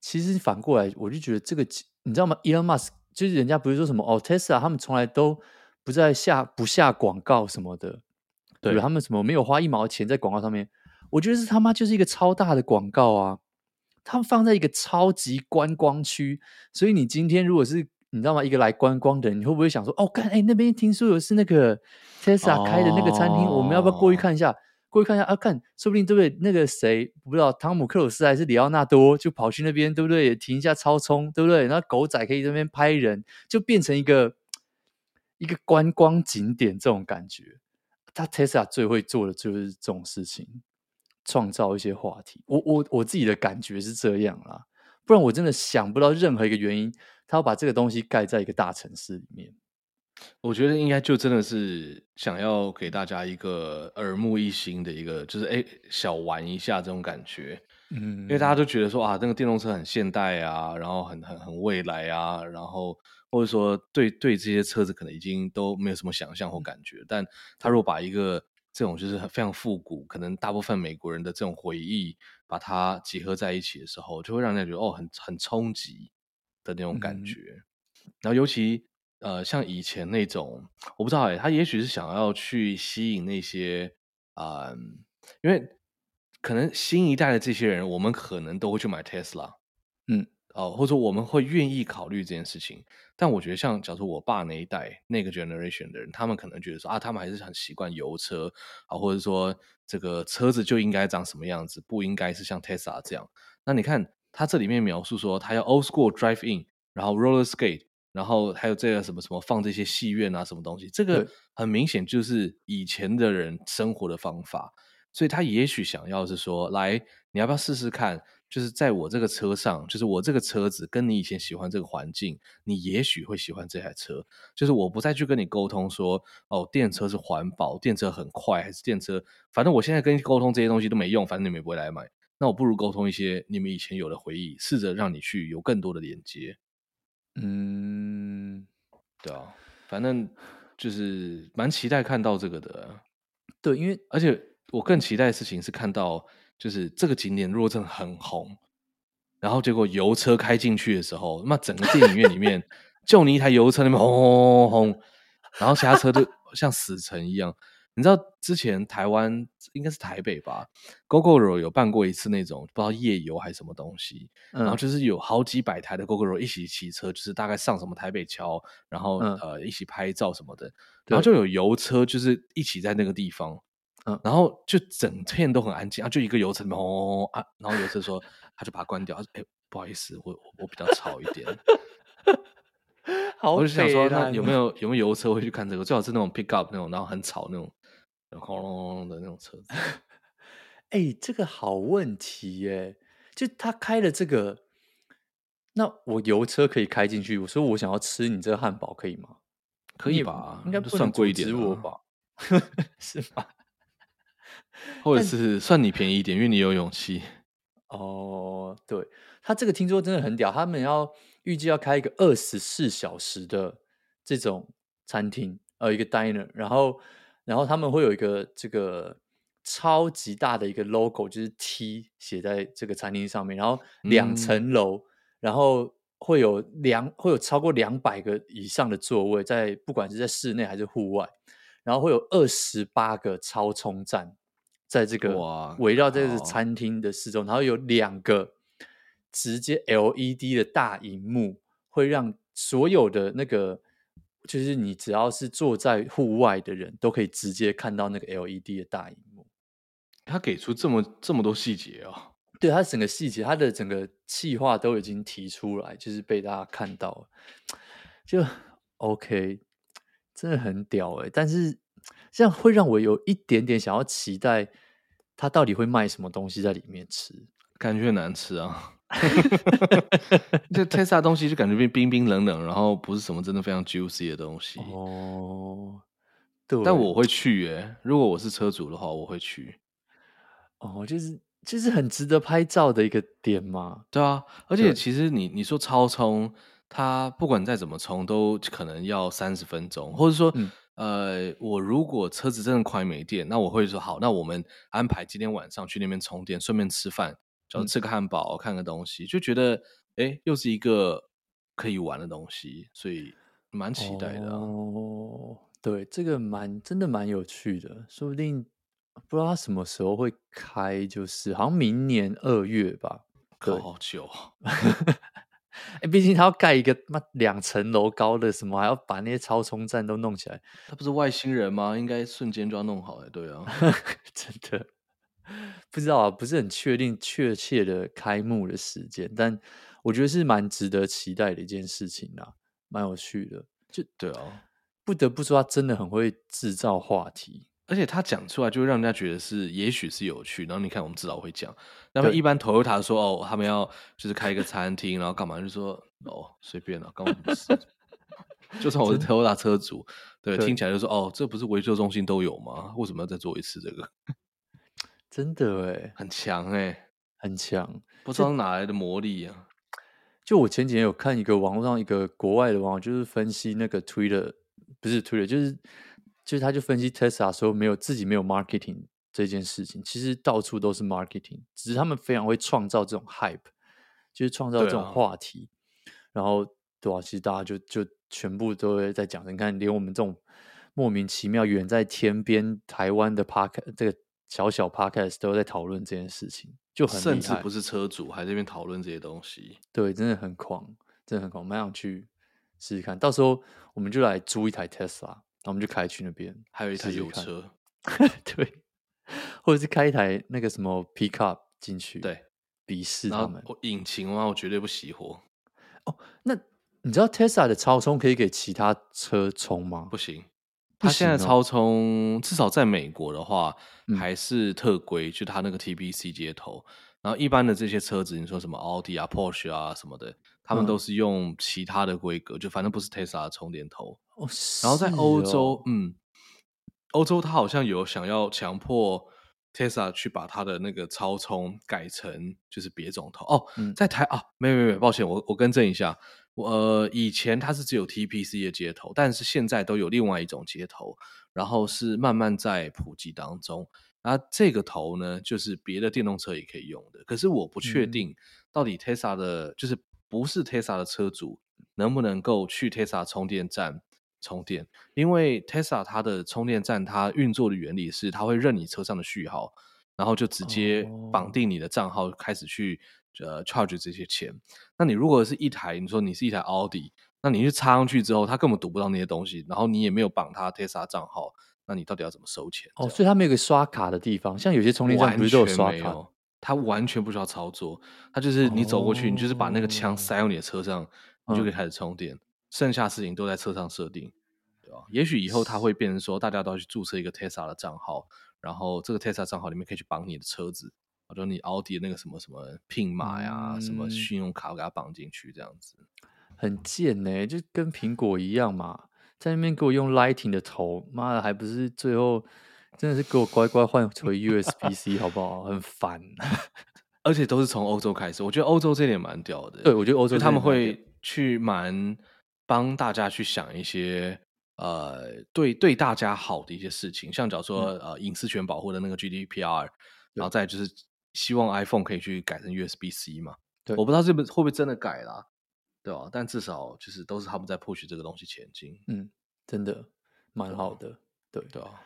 其實反過來，我就覺得這個，你知道嗎？Elon Musk 就是人家不是說什麼哦 Tesla 他們從來都不在下不下廣告什麼的，對他們什麼沒有花一毛錢在廣告上面，我覺得是他媽就是一個超大的廣告啊！他們放在一個超級觀光區，所以你今天如果是。你知道嗎？一個來觀光的人，你會不會想說：“哦，看，哎，那邊聽說有是那個 Tesla 開的那個餐廳，哦、我們要不要過去看一下？過去看一下啊，看，說不定對不對？那個誰不知道湯姆·克魯斯還是里奧納多，就跑去那邊，對不對？停一下，超充，對不對？然後狗仔可以在那邊拍人，就變成一個一個觀光景點，這種感覺。他 Tesla 最會做的就是這種事情，創造一些話題。我我我自己的感覺是這樣啦，不然我真的想不到任何一個原因。”他要把這個東西蓋在一個大城市裡面，我覺得應該就真的是想要給大家一個耳目一新的一個，就是哎，小玩一下這種感覺。嗯，因為大家都覺得說啊，那個電動車很現代啊，然後很很很未來啊，然後或者說，對對，這些車子可能已經都沒有什麼想象或感覺。嗯，但他如果把一個這種就是非常復古，可能大部分美國人的這種回憶把它結合在一起的時候，就會讓人家覺得哦，很很衝擊。的那種感覺，嗯、然後尤其呃，像以前那種，我不知道哎、欸，他也許是想要去吸引那些啊、呃，因為可能新一代的這些人，我們可能都會去買 Tesla 嗯，哦、呃，或者說我們會願意考慮這件事情。但我覺得，像假如說我爸那一代那個 generation 的人，他們可能覺得說啊，他們還是很習慣油車啊，或者說這個車子就應該長什麼樣子，不應該是像 Tesla 這樣。那你看。他這裡面描述說，他要 old school drive in，然後 roller skate，然後還有這個什麼什麼放這些戲院啊什麼東西，這個很明顯就是以前的人生活的方法，對所以他也許想要是說，來，你要不要試試看？就是在我這個車上，就是我這個車子跟你以前喜歡這個環境，你也許會喜歡這台車。就是我不再去跟你溝通說，哦，電車是環保，電車很快，還是電車，反正我現在跟你溝通這些東西都沒用，反正你也不會來買。那我不如溝通一些你們以前有的回憶，試着讓你去有更多的連接。嗯，對啊，反正就是蠻期待看到這個的。對，因為而且我更期待的事情是看到，就是這個景點如果真的很紅，然後結果油車開進去的時候，那整個電影院裡面 就你一台油車，那邊轟轟轟轟轟，然後其他車都像死城一樣。你知道之前台灣應該是台北吧，Gogoro 有辦過一次那種不知道夜遊還是什麼東西，嗯、然後就是有好幾百台的 Gogoro 一起騎車，嗯、就是大概上什麼台北橋，然後、嗯、呃一起拍照什麼的，嗯、然後就有油車就是一起在那個地方，嗯對，然後就整片都很安靜、嗯、啊，就一個油車哦啊，然後油車說 他就把它關掉，他說哎、欸、不好意思，我我比較吵一點， 好喊我就想說那有沒有有沒有油車會去看這個，最好是那種 Pick Up 那種，然後很吵那種。轟隆隆的那種車子，哎、欸，這個好問題耶！就他開了這個，那我油車可以開進去。我說我想要吃你這個漢堡，可以嗎？可以吧，應該不算貴一點我吧？是吧？啊， 是嗎或者是算你便宜一點，但因為你有勇氣。哦，對，他這個聽說真的很屌，他們要預計要開一個二十四小時的這種餐廳，呃，一個 diner，然後。然後他們會有一個這個超級大的一個 logo，就是 T 寫在這個餐廳上面。然後兩層樓，然後會有兩會有超過兩百個以上的座位，在不管是在室內還是戶外。然後會有二十八個超充站，在這個圍繞這個餐廳的四周。然後有兩個直接 LED 的大熒幕，會讓所有的那個。就是你只要是坐在戶外的人都可以直接看到那個 LED 的大熒幕他給出這麼這麼多細節啊！對，他整個細節，他的整個計劃都已經提出來，就是被大家看到了，就 OK，真的很屌欸！但是這樣會讓我有一點點想要期待他到底會賣什麼東西在裡面吃，感覺難吃啊。哈哈哈！哈這 Tesla 東西就感覺變冰冰冷冷冷，然後不是什麼真的非常 juicy 的東西哦。Oh, 對，但我會去耶、欸。如果我是車主的話，我會去。哦，oh, 就是就是很值得拍照的一個點嘛。對啊，而且其實你你說超充，它不管再怎麼充，都可能要三十分鐘。或者說，嗯、呃，我如果車子真的快沒電，那我會說好，那我們安排今天晚上去那邊充電，順便吃飯。想吃個漢堡，嗯、看個東西，就覺得哎、欸，又是一個可以玩的東西，所以蠻期待的、啊。哦，對，這個蠻真的蠻有趣的，說不定不知道他什麼時候會開，就是好像明年二月吧。好久，畢、 欸、竟他要蓋一個那兩層樓高的，什麼還要把那些超充站都弄起來。他不是外星人嗎？應該瞬間就要弄好、欸。哎，對啊， 真的。不知道，啊，不是很確定確切的開幕的時間，但我覺得是蠻值得期待的一件事情啦，蠻有趣的。就對哦、啊，不得不說他真的很會製造話題，而且他講出來就會讓人家覺得是也許是有趣。然後你看我們至少會講，那麼一般 Toyota 說對哦，他們要就是開一個餐廳，然後幹嘛就說哦隨便了，啊，幹嘛不？不 就算我是 Toyota 車主，的對，對聽起來就說哦，這不是維修中心都有嗎？為什麼要再做一次這個？真的哎、欸，很強哎、欸，很強！不知道哪來的魔力啊就！就我前幾天有看一個網絡上一個國外的網友，就是分析那個 Twitter，不是 Twitter，就是就是他就分析 Tesla 說沒有自己沒有 marketing 這件事情，其實到處都是 marketing，只是他們非常會創造這種 hype，就是創造這種話題，啊、然後對啊，其實大家就就全部都會在講。你看，連我們這種莫名其妙遠在天邊台灣的 podcast 這個。小小 podcast 都在討論這件事情，就很，甚至不是車主還在那邊討論這些東西，對，真的很狂，真的很狂，蠻想去試試看，到時候我們就來租一台 Tesla，那我們就開去那邊，還有一台油車，試試 對，或者是開一台那個什麼 pickup 進去，對，鄙視他們。我引擎啊，我絕對不熄火。哦，那你知道 Tesla 的超充可以給其他車充嗎？不行。它現在超充，至少在美國的話還是特規，嗯、就它那個 TBC 接頭。然後一般的這些車子，你說什麼奧迪啊、Porsche 啊什麼的，他們都是用其他的規格，嗯、就反正不是 Tesla 的充電頭。哦，哦然後在歐洲，嗯，歐洲它好像有想要強迫 Tesla 去把它的那個超充改成就是別種頭。哦，在台、嗯、啊，沒有沒有，抱歉，我我更正一下。呃，以前它是只有 TPC 的接頭，但是現在都有另外一種接頭，然後是慢慢在普及當中。那、啊、這個頭呢，就是別的電動車也可以用的，可是我不確定到底 Tesla 的，嗯、就是不是 Tesla 的車主能不能夠去 Tesla 充電站充電？因為 Tesla 它的充電站它運作的原理是，它會認你車上的序號，然後就直接綁定你的賬號、哦、開始去。呃，charge 這些錢，那你如果是一台，你說你是一台 Audi 那你就插上去之後，它根本讀不到那些東西，然後你也沒有綁它 Tesla 賬號，那你到底要怎麼收錢？哦，所以它沒有個刷卡的地方，像有些充電站不是都有刷卡哦？它完全不需要操作，它就是你走過去，哦、你就是把那個槍塞到你的車上，哦、你就可以開始充電，嗯、剩下的事情都在車上設定，對吧？也許以後它會變成說，大家都要去注冊一個 Tesla 的賬號，然後這個 Tesla 賬號裡面可以去綁你的車子。就你奧迪那個什麼什麼 PIN 碼呀，嗯、什麼信用卡我給它綁進去，這樣子很賤呢、欸，就跟蘋果一樣嘛，在那邊給我用 Lightning 的頭，媽的，還不是最後真的是給我乖乖換回 USB-C，好不好？ 很煩煩，而且都是從歐洲開始，我覺得歐洲這點蠻屌的。對，我覺得歐洲他們會去蠻幫大家去想一些對呃，對對大家好的一些事情，像假如說、嗯、呃隱私權保護的那個 GDPR，然後再就是。希望 iPhone 可以去改成 USB-C 嘛？對，我不知道這會不會真的改啦，對吧？但至少就是都是他們在 push 這個東西前進，嗯，真的蠻好的，對對。對對啊、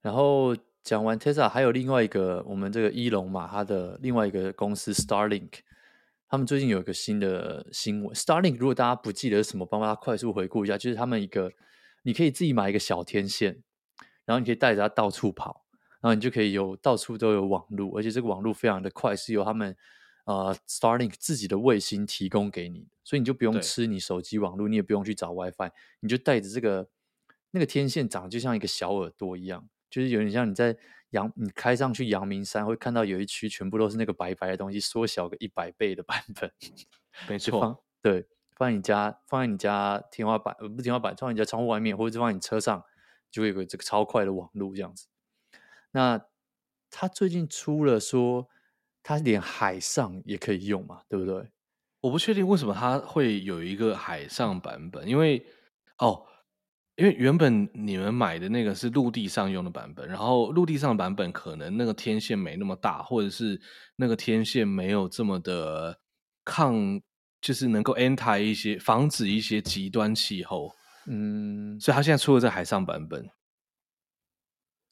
然後講完 Tesla，還有另外一個我們這個一、e、龍嘛，他的另外一個公司 Starlink，他們最近有一個新的新聞。Starlink 如果大家不記得是什麼，幫大家快速回顧一下，就是他們一個你可以自己買一個小天線，然後你可以帶着它到處跑。然後你就可以有到處都有網絡，而且這個網絡非常的快，是由他們啊、呃、Starlink 自己的衛星提供給你的，所以你就不用吃你手機網絡，對你也不用去找 WiFi，你就帶着這個那個天線，長得就像一個小耳朵一樣，就是有點像你在陽，你開上去陽明山會看到有一區全部都是那個白白的東西，縮小個一百倍的版本，沒錯，對，放在你家，放在你家天花板、呃，不天花板，放在你家窗戶外面，或者放在你車上，就會有個這個超快的網絡這樣子。那他最近出了說，他連海上也可以用嘛，對不對？我不確定為什麼他會有一個海上版本，因為哦，因為原本你們買的那個是陸地上用的版本，然後陸地上版本可能那個天線沒那麼大，或者是那個天線沒有這麼的抗，就是能夠 anti 一些，防止一些極端氣候。嗯，所以他現在出了這海上版本。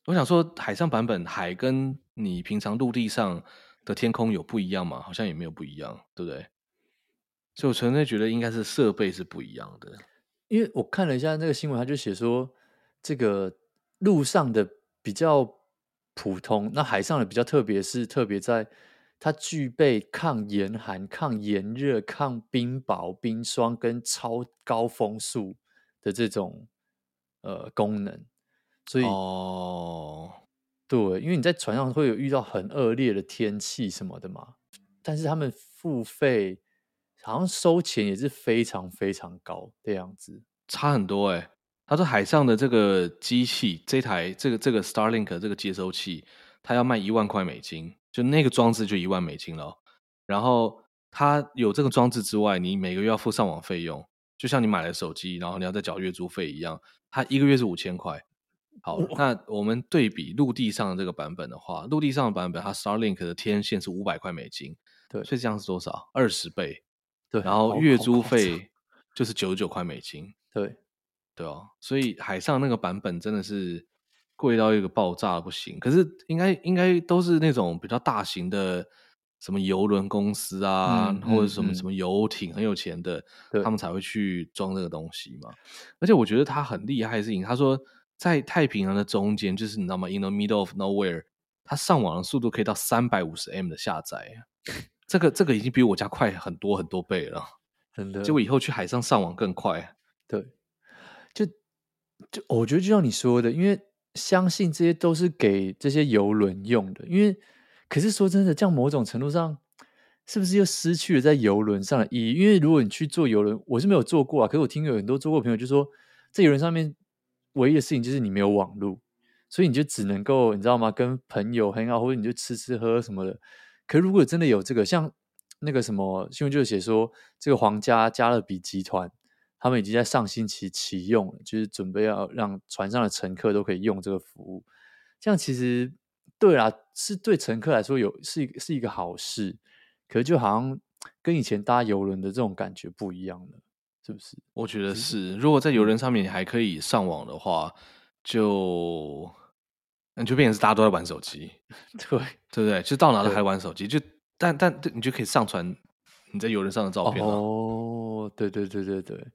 我想說，海上版本海跟你平常陸地上的天空有不一樣嗎？好像也沒有不一樣，對不對？所以我純粹覺得應該是設備是不一樣的。因為我看了一下那個新聞，他就寫說，這個陸上的比較普通，那海上的比較特別是，是特別在它具備抗嚴寒、抗炎熱、抗冰雹、冰霜跟超高風速的這種呃功能。所以哦，對，因為你在船上會有遇到很惡劣的天氣什麼的嘛，但是他們付費好像收錢也是非常非常高的樣子，差很多誒、欸。他說海上的這個機器，這台這個這個 Starlink 這個接收器，它要賣一萬塊美金，就那個裝置就一萬美金了，然後它有這個裝置之外，你每個月要付上網費用，就像你買了手機，然後你要再繳月租費一樣，它一個月是五千塊。好，那我們對比陸地上的這個版本的話，陸地上的版本它 Starlink 的天線是五百塊美金，對，所以這樣是多少？二十倍，對。然後月租費就是九十九塊美金，對，對哦、啊。所以海上那個版本真的是貴到一個爆炸不行。可是應該應該都是那種比較大型的什麼郵輪公司啊，嗯、或者什麼、嗯、什麼遊艇很有錢的，對他們才會去裝這個東西嘛。而且我覺得它很厲害是因為，他說。在太平洋的中間，就是你知道嗎？In the middle of nowhere，它上網的速度可以到三百五十 M 的下載，這個這個已經比我家快很多很多倍了，真的。結果以後去海上上網更快，對，就就我覺得就像你說的，因為相信這些都是給這些遊輪用的，因為可是說真的，這樣某種程度上是不是又失去了在遊輪上的意義？因為如果你去坐遊輪，我是沒有坐過啊，可是我聽有很多坐過的朋友就說，在遊輪上面。唯一的事情就是你沒有網絡，所以你就只能夠，你知道嗎？跟朋友 hang out，或者你就吃吃喝什麼的。可如果真的有這個，像那個什麼新聞就寫說，這個皇家加勒比集團他們已經在上星期啟用了，就是準備要讓船上的乘客都可以用這個服務。這樣其實對啊，是對乘客來說有是一個是一個好事。可是就好像跟以前搭郵輪的這種感覺不一樣了。是，不是，我覺得是。是是如果在遊輪上面你還可以上網的話，就，那就變成是大家都在玩手機，對，對不對？就到哪了還玩手機，對就但但，你就可以上傳你在遊輪上的照片了。哦，對對對對對，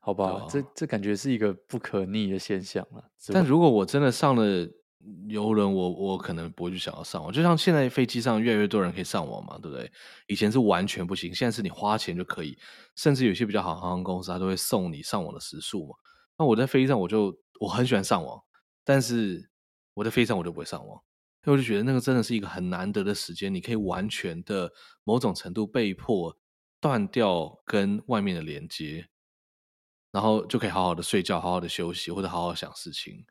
好吧，哦、這這感覺是一個不可逆的現象了。但如果我真的上了。遊輪，有人我我可能不會去想要上網，就像現在飛機上越來越多人可以上網嘛，對不對？以前是完全不行，現在是你花錢就可以，甚至有些比較好航空公司，它都會送你上網的時數嘛。那我在飛機上，我就我很喜歡上網，但是我在飛機上我就不會上網，因為我就覺得那個真的是一個很難得的時間，你可以完全的某種程度被迫斷掉跟外面的連接，然後就可以好好的睡覺，好好的休息，或者好好想事情。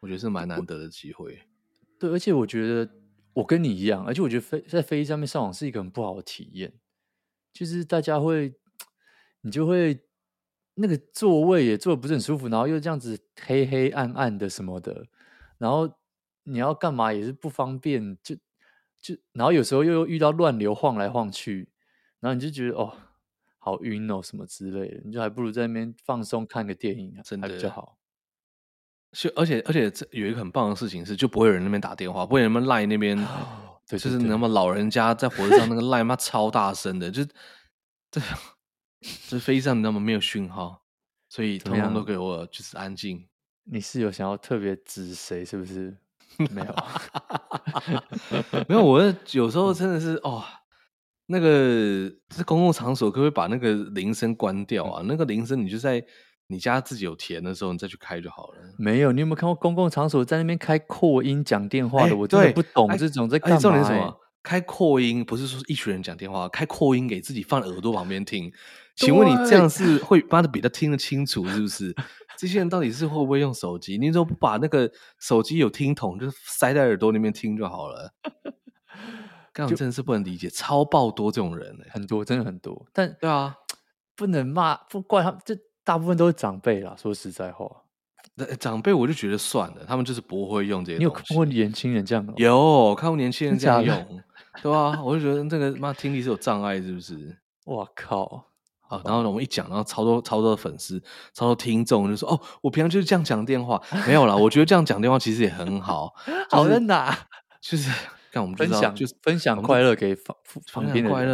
我覺得是蠻難得的機會，對，對，而且我覺得我跟你一樣，而且我覺得飛在飛機上面上網是一個很不好的體驗，就是大家會，你就會那個座位也坐得不是很舒服，然後又這樣子黑黑暗暗的什麼的，然後你要幹嘛也是不方便，就就然後有時候又又遇到亂流晃來晃去，然後你就覺得哦好暈哦什麼之類的，你就還不如在那邊放鬆看個電影啊，真的就好。就而且而且這有一個很棒的事情是，就不會有人那邊打電話，不會有人們賴那邊，就是那麼老人家在火車上那個賴媽 超大聲的，就對，就飛機上那麼沒有訊號，所以通通都給我就是安靜。你是有想要特別指誰是不是？沒有， 沒有。我有時候真的是哦，那個這是公共場所，可不可以把那個鈴聲關掉啊？嗯，那個鈴聲你就在。你家自己有田的時候，你再去開就好了。沒有，你有沒有看過公共場所在那邊開擴音講電話的？欸、對我真的不懂這種、欸、在幹嘛、欸欸。重點什麼、啊？開擴音不是說一群人講電話，開擴音給自己放耳朵旁邊聽。對請問你這樣是會把他比他聽得清楚是不是？ 這些人到底是會不會用手機？你為什麼不把那個手機有聽筒就塞在耳朵那邊聽就好了？剛 就真的是不能理解，超爆多這種人、欸，很多真的很多。但對啊，不能罵，不怪他們這。大部分都是長輩啦，說實在話，長輩我就覺得算了，他們就是不會用這些。你有看過年輕人這樣嗎、哦？有看過年輕人這樣用，的對吧、啊？我就覺得這個媽，聽力是有障礙，是不是？我靠！好、啊、然後我們一講，然後超多超多的粉絲，超多聽眾就說：“哦，我平常就是這樣講電話。” 沒有啦，我覺得這樣講電話其實也很好，好認吶。就是、就是、看我們分享，就是分享快樂給房房人房邊的快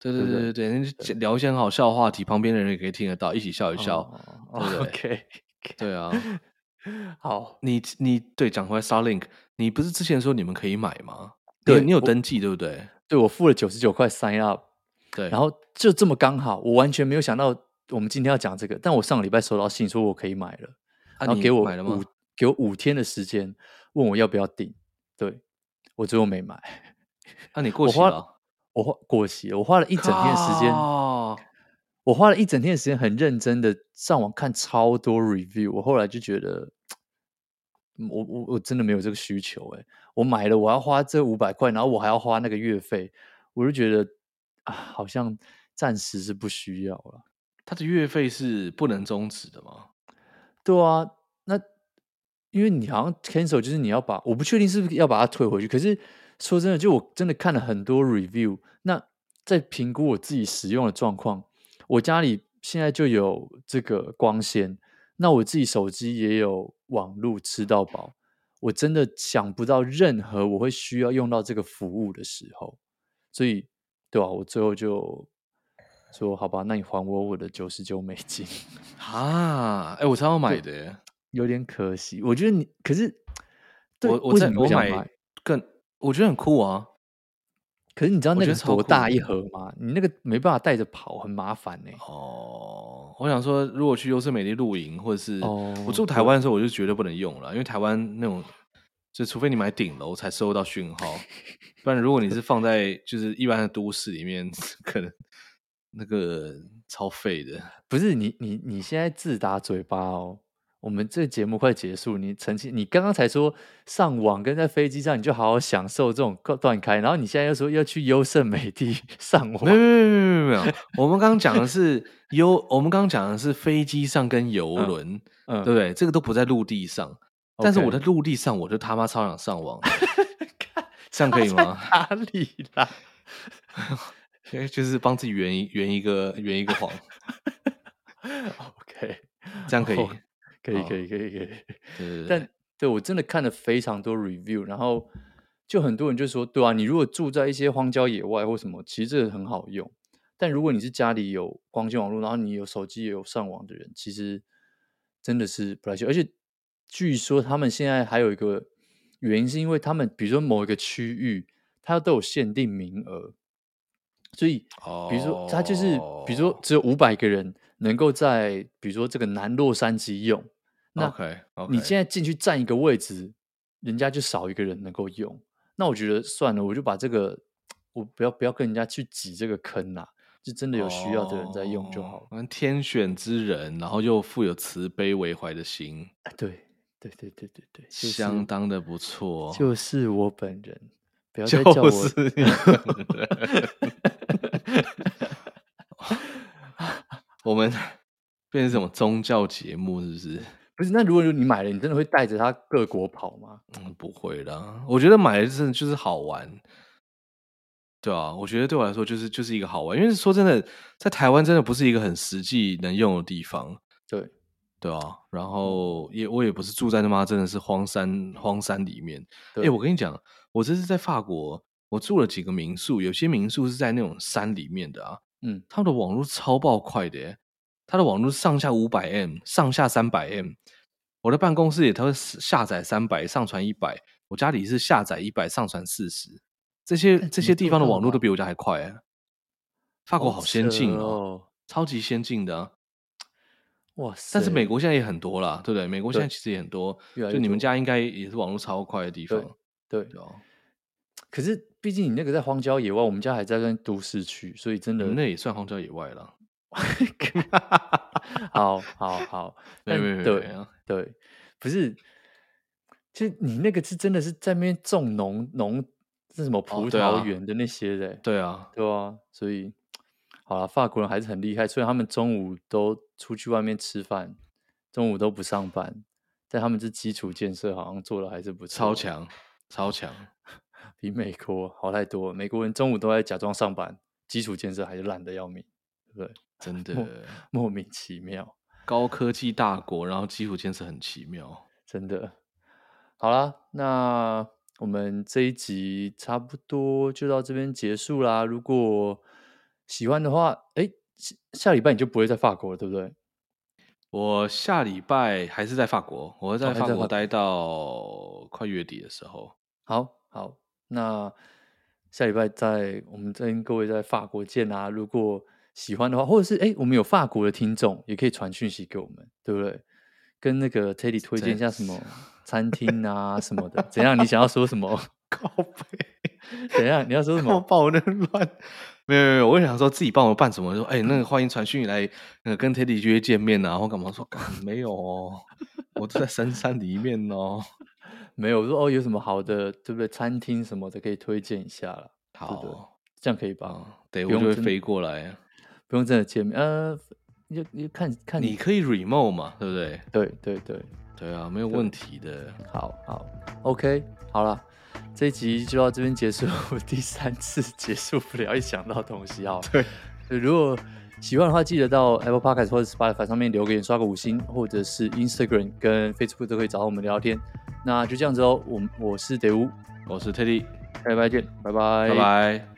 對對對對對，聊一些很好笑的話題，旁邊的人也可以聽得到，一起笑一笑。OK，對啊，好，你你對，講回來，Starlink，你不是之前說你們可以買嗎？對你有登記對不對？對我付了九十九塊 sign up 對，然後就這麼剛好，我完全沒有想到我們今天要講這個，但我上個禮拜收到信說我可以買了，然後給我買了嗎，給我五天的時間，問我要不要訂，對我最後沒買，那你過期了。我過期，我花了一整天時間，我花了一整天的時間，靠時間很認真的上網看超多 review，我後來就覺得，我我我真的沒有這個需求、欸，哎，我買了，我要花這五百塊，然後我還要花那個月費，我就覺得、啊、好像暫時是不需要了。他的月費是不能終止的嗎？對啊，那因為你好像 cancel，就是你要把，我不確定是不是要把它退回去，可是。說真的，就我真的看了很多 review，那在評估我自己使用的狀況，我家裡現在就有這個光纖，那我自己手機也有網絡吃到飽，我真的想不到任何我會需要用到這個服務的時候，所以對啊，我最後就說好吧，那你還我我的九十九美金啊！哎、欸，我剛剛買的耶，有點可惜。我覺得你可是，對我我真我,我,我買。我覺得很酷啊，可是你知道那個多大一盒嗎？你那個沒辦法帶着跑，很麻煩呢。哦，oh, 我想說，如果去優勝美地露營，或者是，oh, 我住台灣的時候，我就絕對不能用了，對因為台灣那種，就除非你買頂樓才收到訊號， 不然如果你是放在就是一般的都市裡面， 可能那個超廢的。不是你你你現在自打嘴巴哦。我們這節目快結束，你曾經你剛剛才說上網跟在飛機上，你就好好享受這種斷開，然後你現在又說要去優勝美地上網，沒有沒有沒有,沒有 我們剛剛講的是優， 我們剛剛講的是飛機上跟遊輪，對不、嗯嗯、對？這個都不在陸地上，Okay. 但是我在陸地上，我就他媽超想上網， 看這樣可以嗎？哪裡啦？所以 就是幫自己圓一圓一個圓一個謊 ，OK，這樣可以。Okay. 可以可以可以可以，但對我真的看了非常多 review，然後就很多人就說，對啊，你如果住在一些荒郊野外或什麼，其實這個很好用。但如果你是家裡有光纖網絡，然後你有手機也有上網的人，其實真的是不太行。而且據說他們現在還有一個原因，是因為他們比如說某一個區域，他都有限定名額，所以比如說、哦、他就是比如說只有五百個人。能夠在比如說這個南洛杉磯用，Okay, okay. 那，你現在進去占一個位置，人家就少一個人能夠用。那我覺得算了，我就把這個，我不要不要跟人家去擠這個坑啦、啊，就真的有需要的人在用就好了。哦、天選之人，然後又富有慈悲為懷的心，啊、對對對對對對，就是、相當的不錯。就是我本人，不要再叫我。 我們變成什麼宗教節目是不是？不是。那如果你買了，你真的會帶着它各國跑嗎？嗯，不會啦。我覺得買的真的就是好玩，對啊。我覺得對我來說就是就是一個好玩，因為說真的，在台灣真的不是一個很實際能用的地方。對，對啊。然後也我也不是住在那邊真的是荒山荒山裡面。哎對、欸，我跟你講，我這次在法國，我住了幾個民宿，有些民宿是在那種山裡面的啊。嗯，他們的網絡超爆快的，他的網絡上下五百 M，上下三百 M。我的辦公室也都會下載三百，上傳一百。我家裡是下載一百，上傳四十。這些這些地方的網絡都比我家還快，法國好先進、喔、哦、哦，超級先進的、啊。哇塞！但是美國現在也很多啦，對不對？美國現在其實也很多，對就你們家應該也是網絡超快的地方。對。對對啊、可是。畢竟你那個在荒郊野外，我們家還在那都市區，所以真的、嗯、那也算荒郊野外了。 好好好，對沒沒啊對，不是，就你那個是真的是在那邊種農農是什麼葡萄園的那些的，哦。對啊，對啊，對啊，所以好了，法國人還是很厲害，所以他們中午都出去外面吃飯，中午都不上班，但他們這基礎建設好像做的還是不錯，超強，超強。比美國好太多，美國人中午都在假裝上班，基礎建設還是爛的要命，對不對？真的莫、莫名其妙，高科技大國，然後基礎建設很奇妙，真的。好啦，那我們這一集差不多就到這邊結束啦。如果喜歡的話，哎、欸，下禮拜你就不會在法國了，對不對？我下禮拜還是在法國，我會在法國待到快月底的時候。好，好。那下禮拜在我們跟各位在法國見啊！如果喜歡的話，或者是哎，我們有法國的聽眾，也可以傳訊息給我們，對不對？跟那個 Teddy 推薦一下什麼餐廳啊什麼的，怎樣？你想要說什麼？ 靠北？怎樣？你要說什麼？我爆冷亂，沒有沒有，我想說自己幫我辦什麼？說哎，那個歡迎傳訊來，呃，跟 Teddy 約見面啊！我幹嘛說幹沒有哦？我住在深山裡面哦。沒有說哦，有什麼好的，對不對？餐廳什麼的可以推薦一下了。好對不對，這樣可以吧？嗯、對，我就會飛過來，不用真的見面。呃，就你看看，看你可以 remote 嘛，對不對？對對對對啊，沒有問題的。好好，OK，好了，這一集就到這邊結束。我 第三次結束不了一想到的東西好了，好。對， 如果。喜歡的話，記得到 Apple Podcast 或者 Spotify 上面留個言、刷個五星，或者是 Instagram、跟 Facebook 都可以找我們聊聊天。那就這樣子哦，我我是德吾我是 Teddy，拜拜見，拜拜，拜拜。